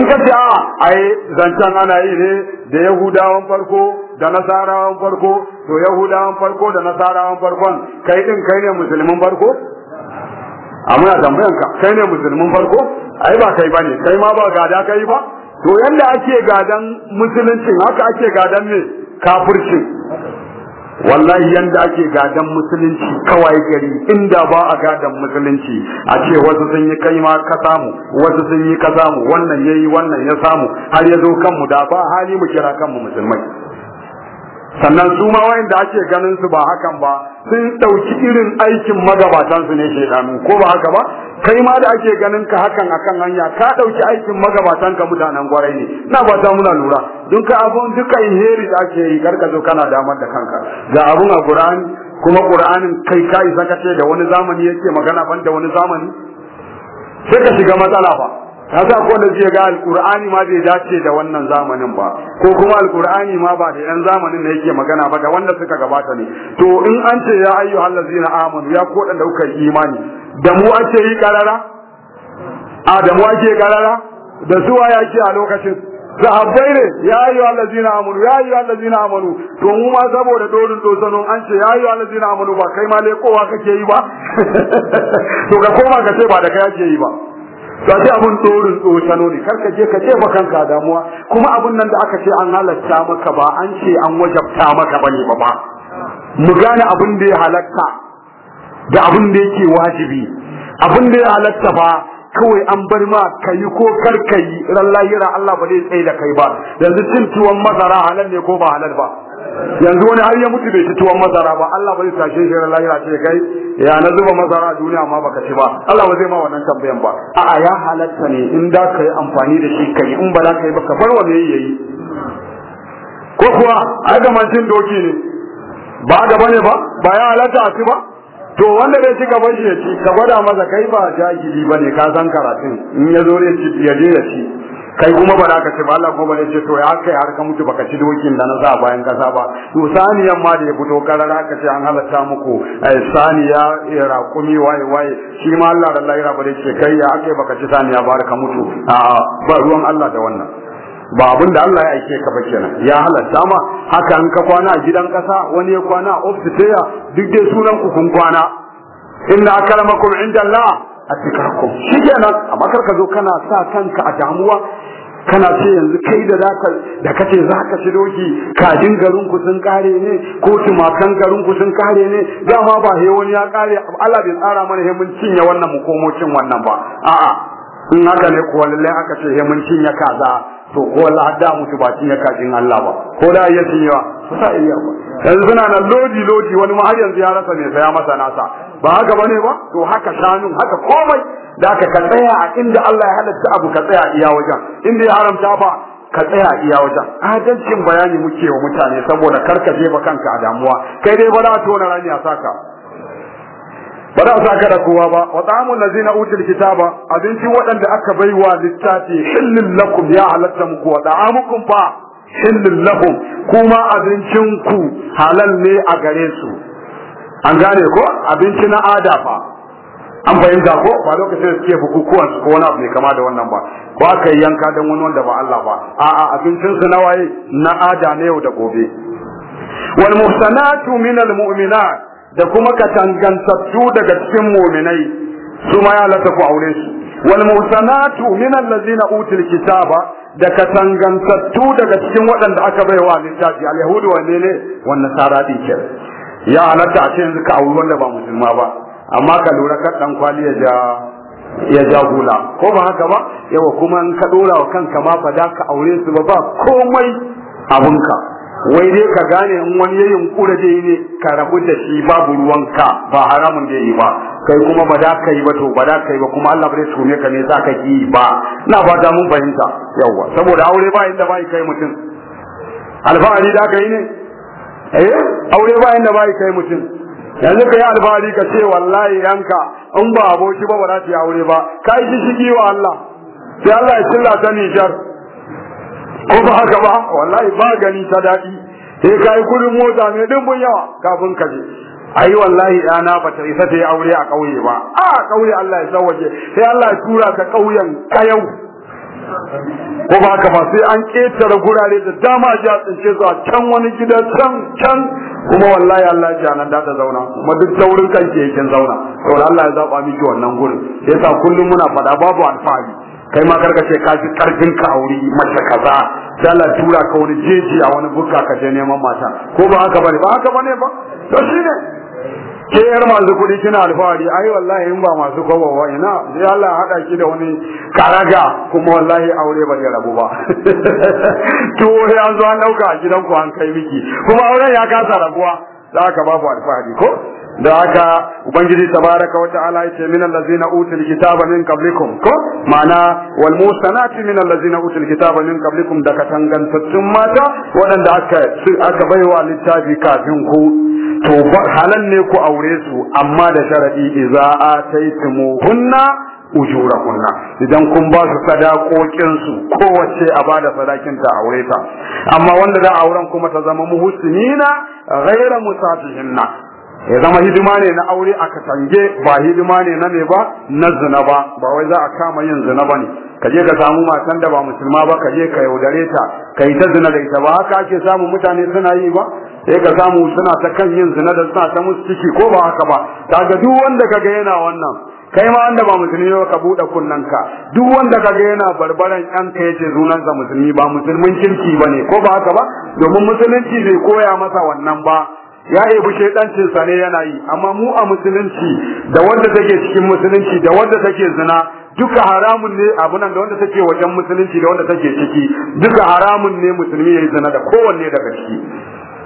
in ka ce a ai zancen ana yi ne da yahudawan farko da nasarawan farko to yahudawan farko da nasarawan farkon kai din kai ne musulmin farko a muna tambayan ka kai ne musulmin farko ai ba kai bane kai ma ba gada kai ba to yanda ake gadan musuluncin haka ake gadan ne kafircin wallahi yanda ake gadan musulunci kawai gari inda ba a gadan musulunci a ce wasu sun yi kai ma ka samu wasu sun yi ka samu wannan yayi wannan ya samu har ya zo kanmu da ba hali mu kira kanmu musulmai sannan su ma wayanda ake ganin su ba hakan ba sun dauki irin aikin magabatan su ne shedanu ko ba haka ba kai ma da ake ganin ka hakan akan hanya ka dauki aikin magabatan ka mutanen gwarai ne na ba ta muna lura don ka abun duka inheri da ake yi karka zo kana damar da kanka ga abun a Qur'ani kuma Qur'anin kai ka isa ce da wani zamani yake magana ban wani zamani sai ka shiga matsala ba. kaza ko da zai ga alqur'ani ma bai dace da wannan zamanin ba ko kuma alqur'ani ma ba da yan zamanin da yake magana ba da wanda suka gabata ne to in an ce ya ayyu allazina amanu ya ko da kuka imani da mu an ce yi karara a da mu ake karara da su ya ke a lokacin sahabbai ne ya ayyu allazina amanu ya ayyu allazina amanu to mu ma saboda dorin dosanon an ce ya ayyu allazina amanu ba kai ma lekowa kake yi ba to ka koma ka ce ba da kai ake yi ba to abin abun dorin tsotano ne karka je ka ce ba kanka damuwa kuma abun nan da aka ce an halatta maka ba an ce an wajabta maka bane ba ba mu gane abin da ya halatta da abin da yake wajibi abin da ya halatta ba kawai an bar ma kayi ko karkayi ran lahira Allah ba zai tsaye da kai ba yanzu cin tuwon masara halal ne ko ba halal ba yanzu wani har ya mutu bai ci mazara masara ba Allah bai tashe shi ran lahira ce kai ya na zuba masara a duniya ma baka ci ba Allah ba zai ma wannan tambayan ba a'a ya halatta ne in da ka yi amfani da shi kai in ba za ka yi ba ka bar wa me yayi ko kuwa agamancin doki ne ba ga bane ba ba ya halatta a ci ba to wanda bai ci gaban shi ya ci ka gwada masa kai ba jahili bane ka san karatun in ya zo ya ci ya je ya ci kai kuma ba za ka ce ba Allah kuma ba ce to ya kai har ka mutu baka ci dokin da na za bayan kasa ba to saniyan ma da ya fito karara ka ce an halatta muku eh, saniya eh, raƙumi waye waye shi ma Allah da lahira ba ce kai ya kai baka ci saniya ba har ka mutu a ba ruwan Allah da wannan ba abin da Allah ya aike ka ba kenan ya halatta ma haka an ka kwana a gidan kasa wani ya kwana a ya duk dai sunan ku kun kwana inna akramakum inda Allah a cikin shi kenan amma kar ka zo kana sa kanka a damuwa kana ce yanzu kai da zaka da kace zaka ci doki kadin garin ku sun kare ne ko tumakan garin ku sun kare ne dama ba he wani ya kare Allah bai tsara mana he mun cinye wannan mu komo cin wannan ba a'a in haka ne ko lalle aka ce he mun cinye kaza to ko Allah da mutu ba cinye cin Allah ba ko da ya cinyewa ba iya yawa yanzu suna nan lodi lodi wani ma har yanzu ya rasa mai ya masa nasa ba haka bane ba to haka shanu haka komai da ka ka tsaya a inda Allah ya halatta abu ka tsaya iya wajen inda ya haramta ba ka tsaya iya wajen adalcin bayani muke wa mutane saboda karka jefa kanka a damuwa kai dai ba za a tona rani a saka ba za su da kowa ba wa tsamu lazina utul kitaba abinci waɗanda aka baiwa littafi hillin lakum ya halatta muku wa ta'amukum fa hillin lakum kuma abincin ku halal ne a gare su an gane ko abinci na ada fa an fahimta ko ba lokacin da suke bukukuwan su ko wani abu ne kama da wannan ba ko aka yanka don wani wanda ba Allah ba a'a abincin su na waye na ada na yau da gobe wal muhsanatu minal mu'minat da kuma katangantattu daga cikin mu'minai su ma ya halatta ku aure su wal musanatu min allazina utul kitaba da katangantattu daga cikin waɗanda aka baiwa littafi al yahudu wa ne wannan sarati ke ya halatta a ce yanzu ka auri wanda ba musulma ba amma ka lura ka dan kwali ya ja ya ja gula ko ba haka ba yawa kuma in ka dora wa kanka ma fa da ka aure su ba ba komai abunka wai dai ka gane in wani yayin kura da yi ne ka rabu da shi babu ruwanka ba haramun da yi ba kai kuma ba za ka yi ba to ba za ka yi ba kuma Allah bai zai ka ne za ka yi ba na ba da mun fahimta yawa saboda aure ba inda ba kai mutum alfahari da ka yi ne eh aure ba inda ba kai mutum yanzu ka yi alfahari ka ce wallahi yanka in ba aboki ba ba za ta yi aure ba ka yi shi wa Allah sai Allah ya killa ta jar. ko ba haka ba wallahi ba gani ta daɗi sai ka yi kudin mota ne dimbin yawa kafin ka je ai wallahi ɗana ba ta isa ta yi aure a kauye ba a ƙauye Allah ya sawaje sai Allah ya tura ka ƙauyen kayau ko ba haka ba sai an ƙetare gurare da dama ji a tsince su can wani gidan can can kuma wallahi Allah ya jana da ta zauna kuma duk saurin ke kin zauna to Allah ya zaba miki wannan gurin ta kullum muna faɗa babu alfahari kai ma karka ce ka ji karfin ka auri mace kaza dala tura ka wani jeji a wani bukka ka je neman mata ko ba haka bane ba haka bane ba to shine ke yar masu kuɗi kina alfahari ai wallahi in ba masu kwaba ba ina sai Allah haɗa ki da wani karaga kuma wallahi aure ba zai rabu ba to ya zo an ɗauka a gidan ku an kai miki kuma auren ya kasa rabuwa za ka babu alfahari ko da haka ubangiji tabaraka wa ta'ala yace min allazina utul kitaba min qablikum ko ma'ana wal musanati min allazina utul kitaba min qablikum da tattun mata waɗanda aka aka baiwa littafi kafin ku to halan ne ku aure su amma da sharadi idza ujura kunna. idan kun ba su sadakokin su kowace a bada sadakin ta aure ta amma wanda da auren kuma ta zama muhsinina ghayra musafihinna ya zama hidima ne na aure a katange ba hidima ne na me ba na zina ba ba wai za a kama yin zina ba ne ka je ka samu matan da ba musulma ba ka je ka yaudare ta ka yi ta zina da ita ba haka ake samun mutane suna yi ba sai ka samu suna ta kan yin zina da suna ta musu ciki ko ba haka ba kaga duk wanda ga yana wannan kai ma wanda ba musulmi ba ka buɗe ka duk wanda ka ga yana barbaran yan ka yace sunan sa musulmi ba musulmin kirki bane ko ba haka ba domin musulunci bai koya masa wannan ba ya ebi shaidancin sa ne yana yi amma mu a musulunci da wanda take cikin musulunci da wanda take zina duka haramun ne abu nan da wanda take wajen musulunci da wanda take ciki duka haramun ne musulmi ya yi zina da kowanne daga ciki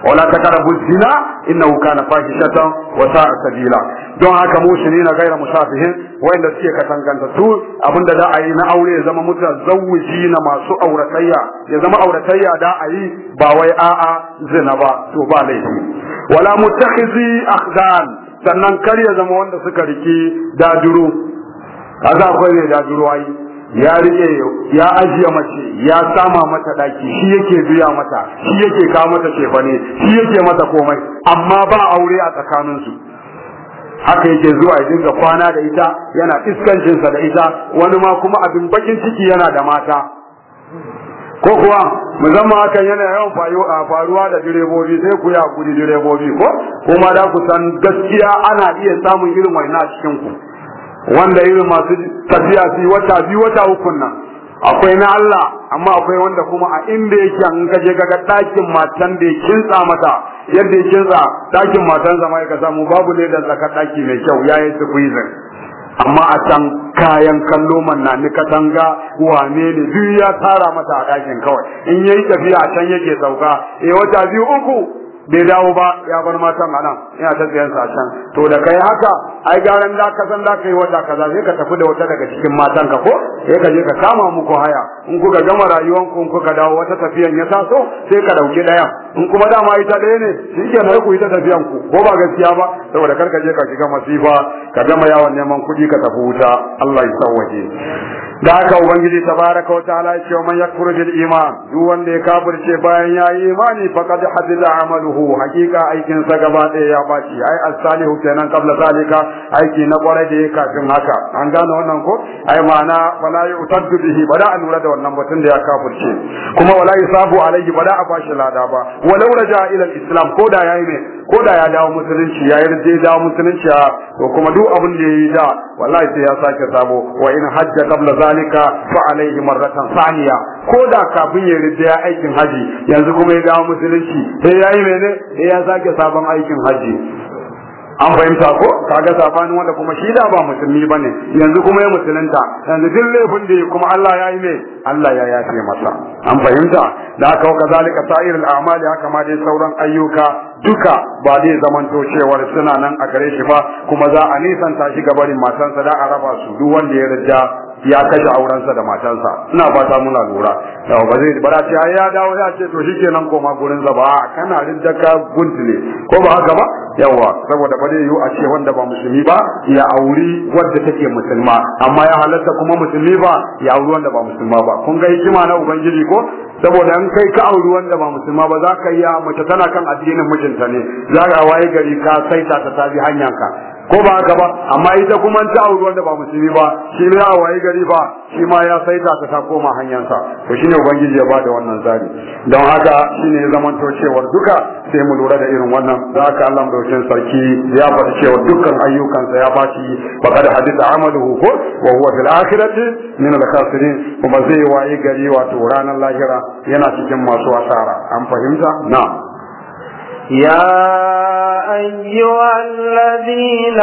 wala taqrabu zina innahu kana fahishatan wa sa'a sabila don haka ne na gaira musafihin wanda suke katanganta su abinda da a yi na aure ya zama mutu zawuji na masu auratayya ya zama auratayya da a yi ba wai a'a zina ba to ba laifi wala mutakhizi akhdan sannan kar ya zama wanda suka rike dajuru kaza akwai ne dajuru ai ya rike ya ajiye mace ya sama mata daki shi yake biya mata shi yake ka mata shefane shi yake mata komai amma ba aure a tsakaninsu haka yake zuwa ya dinga kwana da ita yana iskancinsa da ita wani ma kuma abin bakin ciki yana da mata ko kuwa musamman hakan yana yawan faruwa da direbobi sai ku ya kudi direbobi ko kuma da ku san gaskiya ana iya samun irin wani na cikin ku wanda irin masu tafiya su wata biyu wata uku nan akwai na Allah amma akwai wanda kuma a inda yake an kaje ga dakin matan da ya kinsa mata yadda ya kinsa dakin matan zama ya ka samu babu ne da zakar daki mai kyau yayin su ku yi kuizin amma a can kayan kallo manna ni katanga wane ne duk ya tara mata a ɗakin kawai in yayi tafiya a can yake sauka eh wata biyu uku bai dawo ba ya bar matan a ina ta tsayan sa can to da kai haka ai garan da ka san da kai wata kaza sai ka tafi da wata daga cikin matan ka ko sai ka je ka kama muku haya in kuka gama rayuwar ku kuka dawo wata tafiyan ya taso sai ka dauki daya in kuma dama ita ɗaya ne shi ke na ku ita tafiyan ku ko ba gaskiya ba saboda kar ka je ka shiga masifa ka gama yawan neman kuɗi ka tafi wuta Allah ya sauwaje da haka ubangiji tabaraka wa ta'ala ya ce man yakfuru bil iman duk wanda ya kafirce bayan yayi imani faqad hadida amaluhu amaluhu hakika aikin sa gaba ɗaya ya baci ai as-salihu kenan qabla zalika aiki na kwarai da kafin haka an gane wannan ko ai ma'ana wala yu'taddu bihi bada an lura da wannan batun da ya kafirce kuma wala yusabu alayhi bada a bashi lada ba walau raja ila al-islam ko da yayi ne ko da ya dawo musulunci ya yarda ya dawo musulunci to kuma duk abin da yayi da wallahi sai ya sake sabo wa in hajja qabla zalika fa alayhi marratan thaniya ko da kafin ya rida ya aikin haji yanzu kuma ya dawo musulunci sai ya yi mene sai ya sake sabon aikin haji an fahimta ko kaga safanin wanda kuma shi da ba musulmi bane yanzu kuma ya musulunta yanzu duk laifin da kuma Allah ya yi mai Allah ya yafe masa an fahimta da ka wa kazalika sa'ir al-a'mali haka ma dai sauran ayyuka duka ba zai zamanto cewar suna nan a gare shi ba kuma za a nisan nisanta barin matan sa da a raba su duk wanda ya rija ya kashe aurensa da matansa ina fata muna lura yau ba zai bara ce ya dawo ya ce to shikenan koma gurin zaba. ba kana rinda ka guntule ko ba haka ba yawa saboda ba zai yiwu a ce wanda ba musulmi ba ya auri wadda take musulma amma ya halatta kuma musulmi ba ya auri wanda ba musulma ba kun ga hikima na ubangiji ko saboda in kai ka auri wanda ba musulma ba za ka iya mace tana kan addinin mijinta ne za ka waye gari ka saita ta tabi hanyanka ko ba haka ba amma ita kuma ta auri wanda ba musulmi ba shi ne a waye gari ba shi ma ya saita ta ta koma hanyarsa, to shine ubangiji ya bada wannan zari. don haka shine zamanto cewar duka sai mu lura da irin wannan da haka Allah madaukakin sarki ya faɗi cewa dukkan ayyukansa ya bashi faqad haditha amaluhu ko wa huwa fil akhirati min al khasirin kuma zai waye gari wato ranar lahira yana cikin masu asara an fahimta na'am يا أيها الذين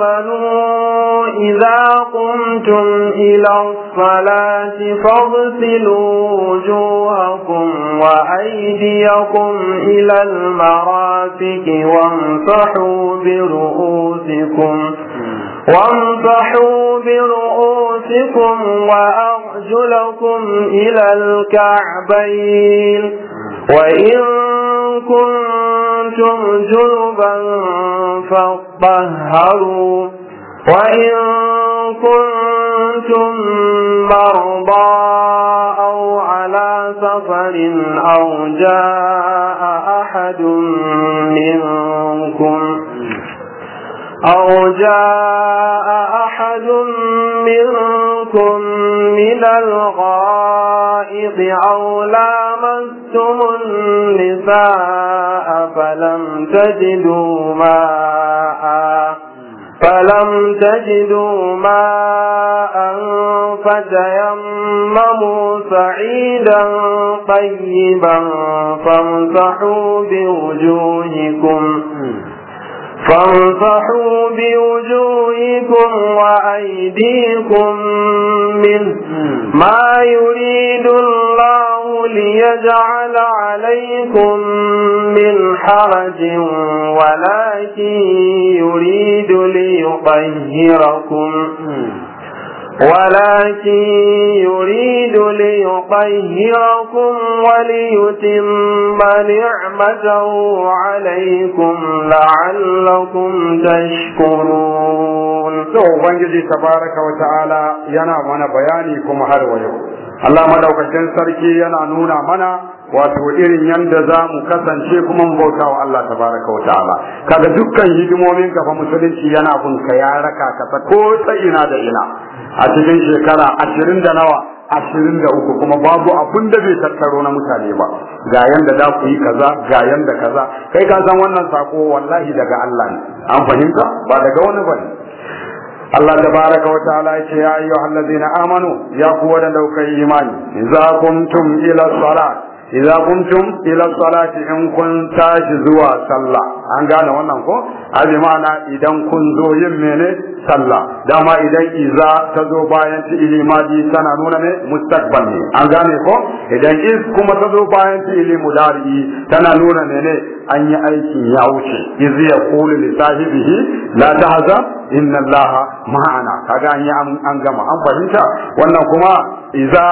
آمنوا إذا قمتم إلى الصلاة فاغسلوا وجوهكم وأيديكم إلى المرافق وانفحوا برؤوسكم وامسحوا برؤوسكم وأرجلكم إلى الكعبين وإن كنتم كنتم جنبا فاطهروا وإن كنتم مرضى أو على سفر أو جاء أحد منكم أو جاء أحد منكم كنتم من الغائض أو لامستم النساء فلم تجدوا ماء فلم تجدوا ماء فتيمموا سعيدا طيبا فامسحوا بوجوهكم فانفحوا بوجوهكم وأيديكم منه ما يريد الله ليجعل عليكم من حرج ولكن يريد ليطهركم ولكن يريد ليطهركم وليتم نعمته عليكم لعلكم تشكرون to ubangiji tabaraka wa ta'ala yana mana bayani kuma har wa yau Allah madaukakin sarki yana nuna mana wato irin yanda za mu kasance kuma mu bauta wa Allah tabaraka kaga dukkan hidimomin kafa musulunci yana bunka ya raka ka ko ina da ina a cikin shekara ashirin da nawa ashirin da uku kuma babu abin da bai tattaro na mutane ba ga yanda da ku yi kaza ga yanda kaza kai ka san wannan sako wallahi daga Allah ne an fahimta ba daga wani bane Allah da baraka wa ta'ala ya ce ya ayyuhallazina amanu ya ku wadanda kuka yi imani idza kuntum ila salat idza kuntum ila salati in kun tashi zuwa sallah an gane wannan ko bi ma'ana idan kun zo yin mene sallah dama idan iza ta zo bayan fi'ili ilimadi tana nuna ne mustaqbal ne an gane ko idan iz kuma ta zo bayan fi'ili ilimudari tana nuna mene an yi aiki ya wuce iz kula li sahibihi la tahza inna allaha ma'ana kaga an yi an gama an fahimta wannan kuma iza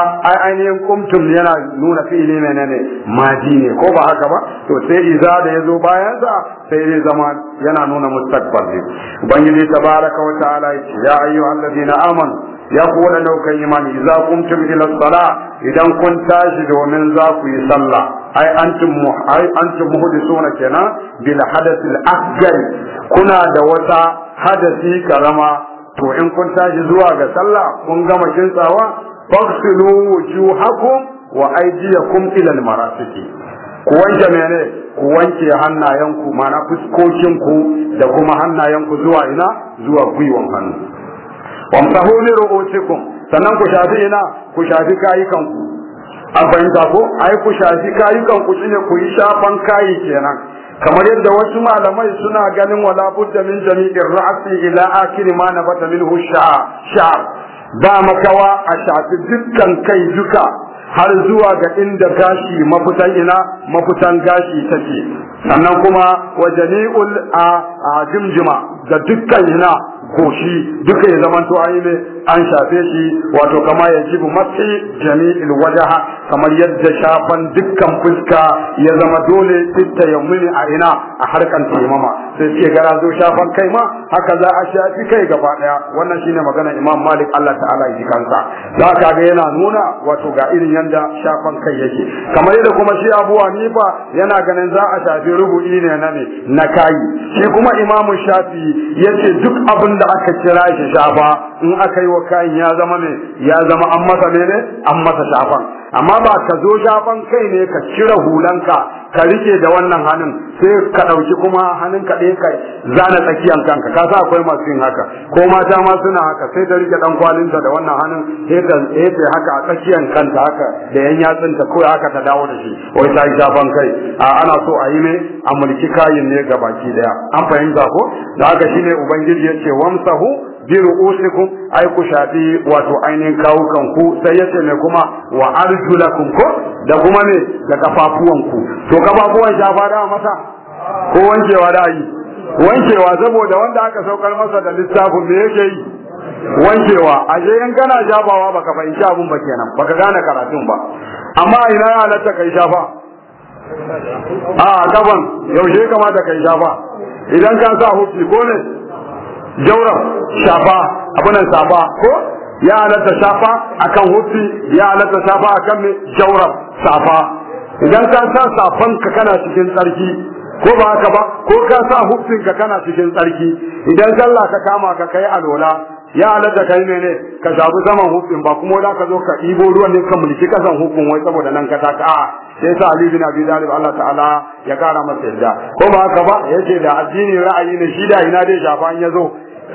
ainihin kumtum yana nuna fi'ili menene madi ne ko ba haka ba to sai iza da ya zo bayan sa sai zai zama yana nuna mustaqbal ne ubangiji tabaraka wa ta'ala ya ayyuhal ladina amanu ya kuwa daukan imani iza kumtum ila sala idan kun tashi domin za ku yi sallah ai antum ai antum muhdisuna kenan bil hadath al akbar kuna da wata hadasi karama to in kun tashi zuwa ga sallah kun gama kintsawa فاغسلوا وجوهكم wa aydiyakum المرافق almarafiqi ku wanke mene wanke hannayenku mana fuskokinku da kuma hannayenku zuwa ina zuwa gwiwon hannu wamsahu li ru'utikum sannan ku shafi ina ku shafi kayukanku an fahimta ko ai ku shafi kayukanku shine ku yi shafan kayi kenan kamar yadda wasu malamai suna ganin wala budda min jami'ir ra'si ila akhir ma nabata minhu sha'a sha'a ba makawa a shafi dukkan kai duka har zuwa ga inda gashi mafitan ina mafitan gashi take sannan kuma wajani'ul a jimjima da dukkan ina goshi duka ya zama to an an shafe shi wato kama ya ji matsi jami'il wajaha kamar yadda shafan dukkan fuska ya zama dole titta ya muni a ina a harkan taimama sai suke gara zo shafan kai ma haka za a shafi kai gaba daya wannan shine maganar Imam Malik Allah ta'ala ya kansa za ka ga yana nuna wato ga irin yanda shafan kai yake kamar yadda kuma shi Abu Hanifa yana ganin za a shafi rubu'i ne na ne na kai shi kuma Imam Shafi ya ce duk abin da aka kira shi shafa in aka yi wa kayan ya zama ne ya zama an masa ne an masa shafan amma ba ka zo shafan kai ne ka cire hulanka ka rike da wannan hannun sai ka ɗauki kuma hannun ka ɗaya ka zana tsakiyan kanka ka sa akwai masu yin haka ko mata ma suna haka sai ta rike ɗan kwalinta da wannan hannun sai ta tsaye haka a tsakiyar kanta haka da yan ta ko haka ta dawo da shi wai ta yi zafan kai a ana so a yi ne a mulki kayin ne ga baki daya an fahimta ko da haka shine ubangiji ya ce wamsahu bi ru'usikum ai ku shafi wato ainihin kawukan ku sai yace ne kuma wa arjulakum ko da kuma ne da kafafuwan ku to kafafuwan shafa da masa ko wankewa da yi wankewa saboda wanda aka saukar masa da lissafin me yake yi wankewa aje in kana shafawa baka fahimci abun ba kenan baka gane karatun ba amma ina ya halatta kai shafa a gaban yaushe kamata kai shafa idan ka sa hufi ko ne jauram shafa abunan safa ko ya alata shafa akan hufi ya alata shafa akan me jauram safa idan ka sa safan ka kana cikin tsarki ko ba haka ba ko ka sa hufin ka kana cikin tsarki idan sallah ka kama ka kai alola ya alata kai mene ka zabu saman hukun ba kuma wanda ka zo ka ibo ruwan ne ka mulki kasan hukun wai saboda nan ka ta ka sai sa Ali bin Abi dalib Allah ta'ala ya kara masa yadda ko ba haka ba yace da addini ra'ayi ne shi da ina dai shafan ya zo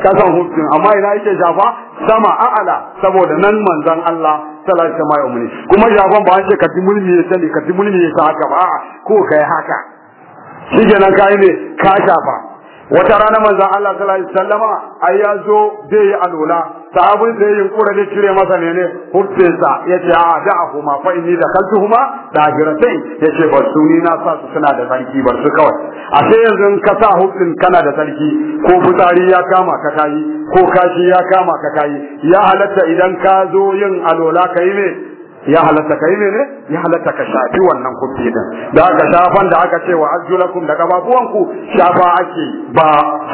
ka san amma ina yake jafa sama a'ala saboda nan manzon Allah sallallahu alaihi wasallam kuma jafan ba an ce mulmi ya sani ka ti mulmi ya haka ba a'a ko kai haka shi kenan kai ne ka shafa wata rana manzon Allah sallallahu alaihi wasallama ai ya zo zai yi alwala Sabin da yin yunkura cire masa mene hufinsa ya ce a da, kuma fa inni da da dahiratain ya ce ba su na sa su suna da sarki ba su kawai A sai yanzu kasa ka sa hufin kana da sarki ko fitsari ya kama ka kai ko kashi ya kama ka kai ya halatta idan ka zo yin alola ka yi ya halatta kai ne ya halatta ka shafi wannan kufi din da aka shafan da aka ce wa arjulakum da gababuwan ku shafa ake ba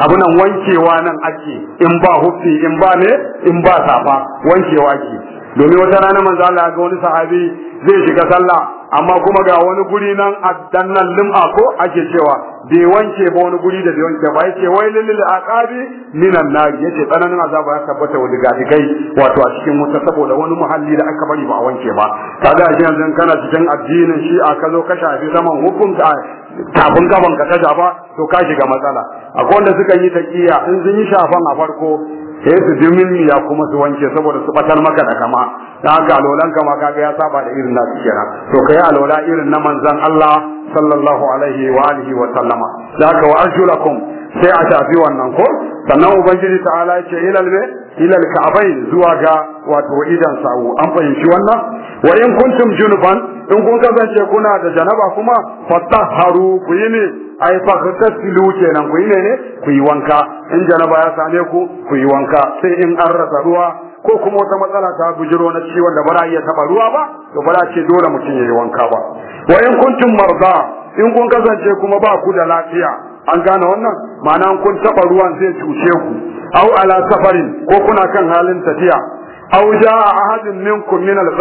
abunan wankewa nan ake in ba hufi in ba ne in ba safa wankewa ake domin wata rana manzo Allah ga wani sahabi zai shiga sallah amma kuma ga wani guri nan addan nan lim'a ko ake cewa bai wanke ba wani guri da bai wanke ba yace wai lilil aqabi minan nar yace tsananin azaba ya tabbata wa dai wato a cikin wuta saboda wani muhalli da aka bari ba a wanke ba kaga cikin zan kana cikin addinin shi a kazo ka shafi zaman hukunta kafin gaban ka ta shafa to ka shiga matsala akwai wanda suka yi taqiya in sun yi shafan a farko sai su jimin ya kuma su wanke saboda su batar maka da kama Da haka alolan kama kaga ya saba da irin nasu kenan to yi alola irin na manzon Allah sallallahu alaihi wa alihi wa sallama zaka wa arjulakum sai a shafi wannan ko sannan ubangiji ta'ala ya ce ilal me ilal ka'bayn zuwa ga wato idan sa'u an fahimci wannan wa in kuntum junuban in kun kasance kuna da janaba kuma fatahharu ku yi ne ai fa katasilu kenan ku yi ne ne? ku yi wanka in janaba ya same ku ku yi wanka sai in an rasa ruwa ko kuma wata matsala ta bujiro na ciwon da bara iya taba ruwa ba to bara ce dole mutum ya yi wanka ba wa in kuntum marda in kun kasance kuma ba ku da lafiya an gane wannan ma'ana kun taba ruwan zai cuce ku au ala safarin ko kuna kan halin tafiya au jaa ahadin minkum min al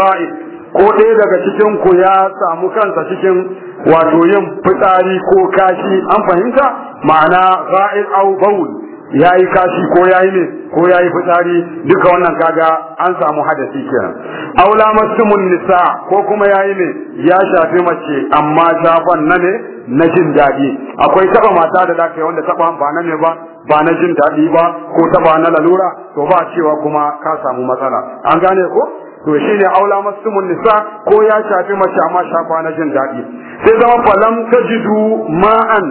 ko ɗaya daga cikin ku ya samu kansa cikin wato yin fitsari ko kashi an fahimta ma'ana ra'il au baul ya yi kashi ko ya yi ne ko ya yi fitsari duka wannan kaga an samu hadasi kenan aula masumun nisa ko kuma ya yi ne ya shafi mace amma shafan na ne na jin daɗi akwai taba mata da zaka yi wanda taɓa ba na ne ba ba na jin daɗi ba ko taɓa na lalura to ba cewa kuma ka samu matsala an gane ko to ne aula masumun nisa ko ya shafi mace amma shafa na jin daɗi sai zama falam tajidu ma'an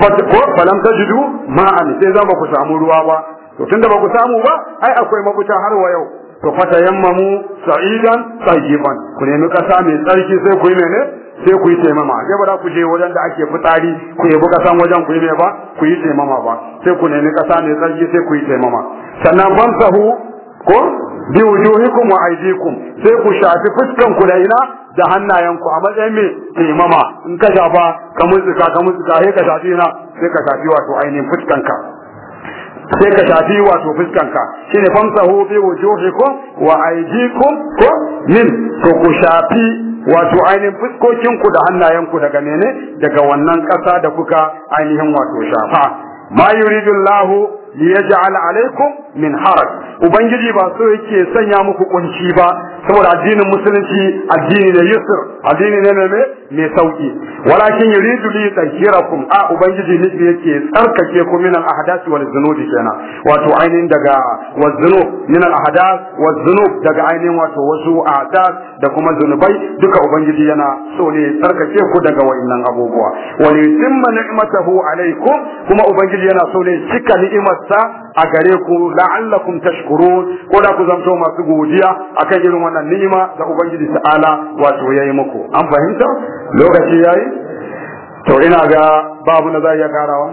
ko falam tajidu ma'an sai zama ku samu ruwa ba to tunda ba ku samu ba ai akwai mafita har wa yau to fata yammamu sa'idan tayyiban ku nemi kasa mai tsarki sai ku yi mene sai ku yi taimama sai ba za ku je wajen da ake fitari, ku yi buka san wajen ku yi mai ba ku yi taimama ba sai ku nemi kasa mai tsarki sai ku yi taimama sannan bansahu ko bi wujuhikum wa aydikum sai ku shafi fuskan ku da ina da ku a matsayin me taimama in ka shafa ka mutsuka ka mutsuka sai ka shafi ina sai ka shafi wato ainihin fuskan ka sai ka shafi wato ka, shine famsahu bi wujuhikum wa aydikum ko min to ku shafi wato ainihin fuskokin ku da hannayen ku daga menene daga wannan kasa da kuka ainihin wato shafa ma yuridu Allahu liyaj'al alaikum min haraj ubangiji ba so yake sanya muku kunci ba saboda addinin musulunci addini ne yusr addini ne ne mai sauki walakin yuridu li tahirakum a ubangiji ne yake tsarkake ku min al ahdasi wal zunubi kenan wato daga wal zunub min al wal zunub daga ainihin wato wasu ahdas da kuma zunubai duka ubangiji yana so ne tsarkake ku daga wayannan abubuwa wa yutimma ni'matahu alaikum kuma ubangiji yana so ne cika ni'imar ni'imarsa a gare ku la'allakum tashkurun ko da ku zanto masu godiya akan irin wannan ni'ima da ubangiji ta'ala wato yayi muku an fahimta lokaci yayi to ina ga babu na zai iya karawa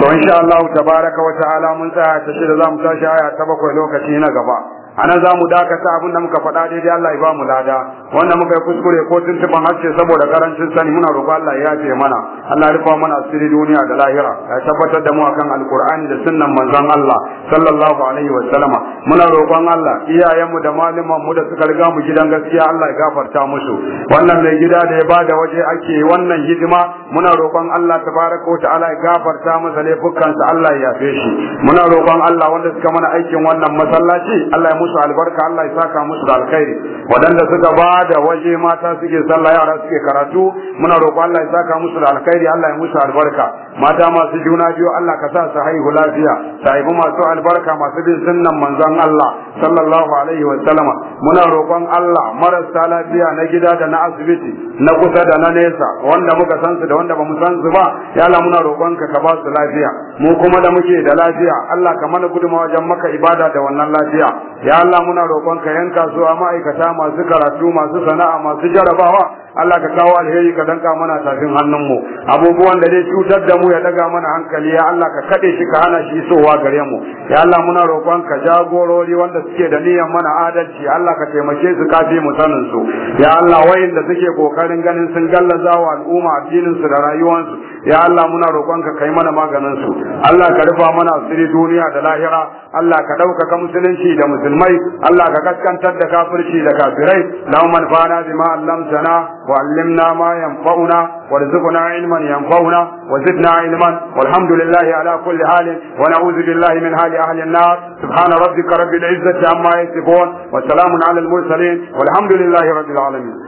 to insha Allah tabaraka wa ta'ala mun tsaya ta shida zamu tashi aya ta bakwai lokaci na gaba ana za mu dakata abin da muka faɗa daidai Allah ya ba mu lada wanda muka yi kuskure ko tuntuban hacce saboda karancin sani muna roƙo Allah ya yafe mana Allah ya rufa mana asiri duniya da lahira ya tabbatar da mu akan alqur'ani da sunnan manzon Allah sallallahu alaihi wa sallama muna roƙon Allah iyayenmu da malaman mu da suka riga mu gidan gaskiya Allah ya gafarta musu wannan mai gida da ya bada waje ake wannan hidima muna roƙon Allah tabaraka wa ta'ala ya gafarta masa laifukan sa. Allah ya yafe shi muna roƙon Allah wanda suka mana aikin wannan masallaci Allah ya musu albarka Allah ya saka musu da alkhairi wadanda suka bada waje mata suke sallah yara suke karatu muna roƙon Allah ya saka musu da alkhairi alheri Allah ya musu albarka mata masu juna biyu Allah ka sa su haihu lafiya sahibu masu albarka masu bin sunnan manzon Allah sallallahu alaihi wa sallama muna roƙon Allah marasa lafiya na gida da na asibiti na kusa da na nesa wanda muka san su da wanda bamu san su ba ya Allah muna roƙon ka ka ba su lafiya mu kuma da muke da lafiya Allah ka mana gudunmawa wajen maka ibada da wannan lafiya ya Allah muna roƙon ka yanka su a ma'aikata masu karatu masu sana'a masu jarabawa Allah ka kawo alheri ka danka mana tafin hannunmu abubuwan da zai cutar da mu ya daga mana hankali ya Allah ka kade shi ka hana shi sowa gare mu ya Allah muna roƙon ka jagorori wanda suke da niyyar mana adalci Allah ka taimake su kafi mu sanin su ya Allah wayanda suke kokarin ganin sun gallaza wa al'umma addinin su da rayuwansu ya Allah muna roƙon ka kai mana maganin su Allah ka rufa mana asiri duniya da lahira Allah ka ɗaukaka musulunci da musulmai Allah ka kaskantar da kafirci da kafirai lau manfana bima allamtana وعلمنا ما ينفعنا وارزقنا علما ينفعنا وزدنا علما والحمد لله على كل حال ونعوذ بالله من حال اهل النار سبحان ربك رب العزه عما يصفون وسلام على المرسلين والحمد لله رب العالمين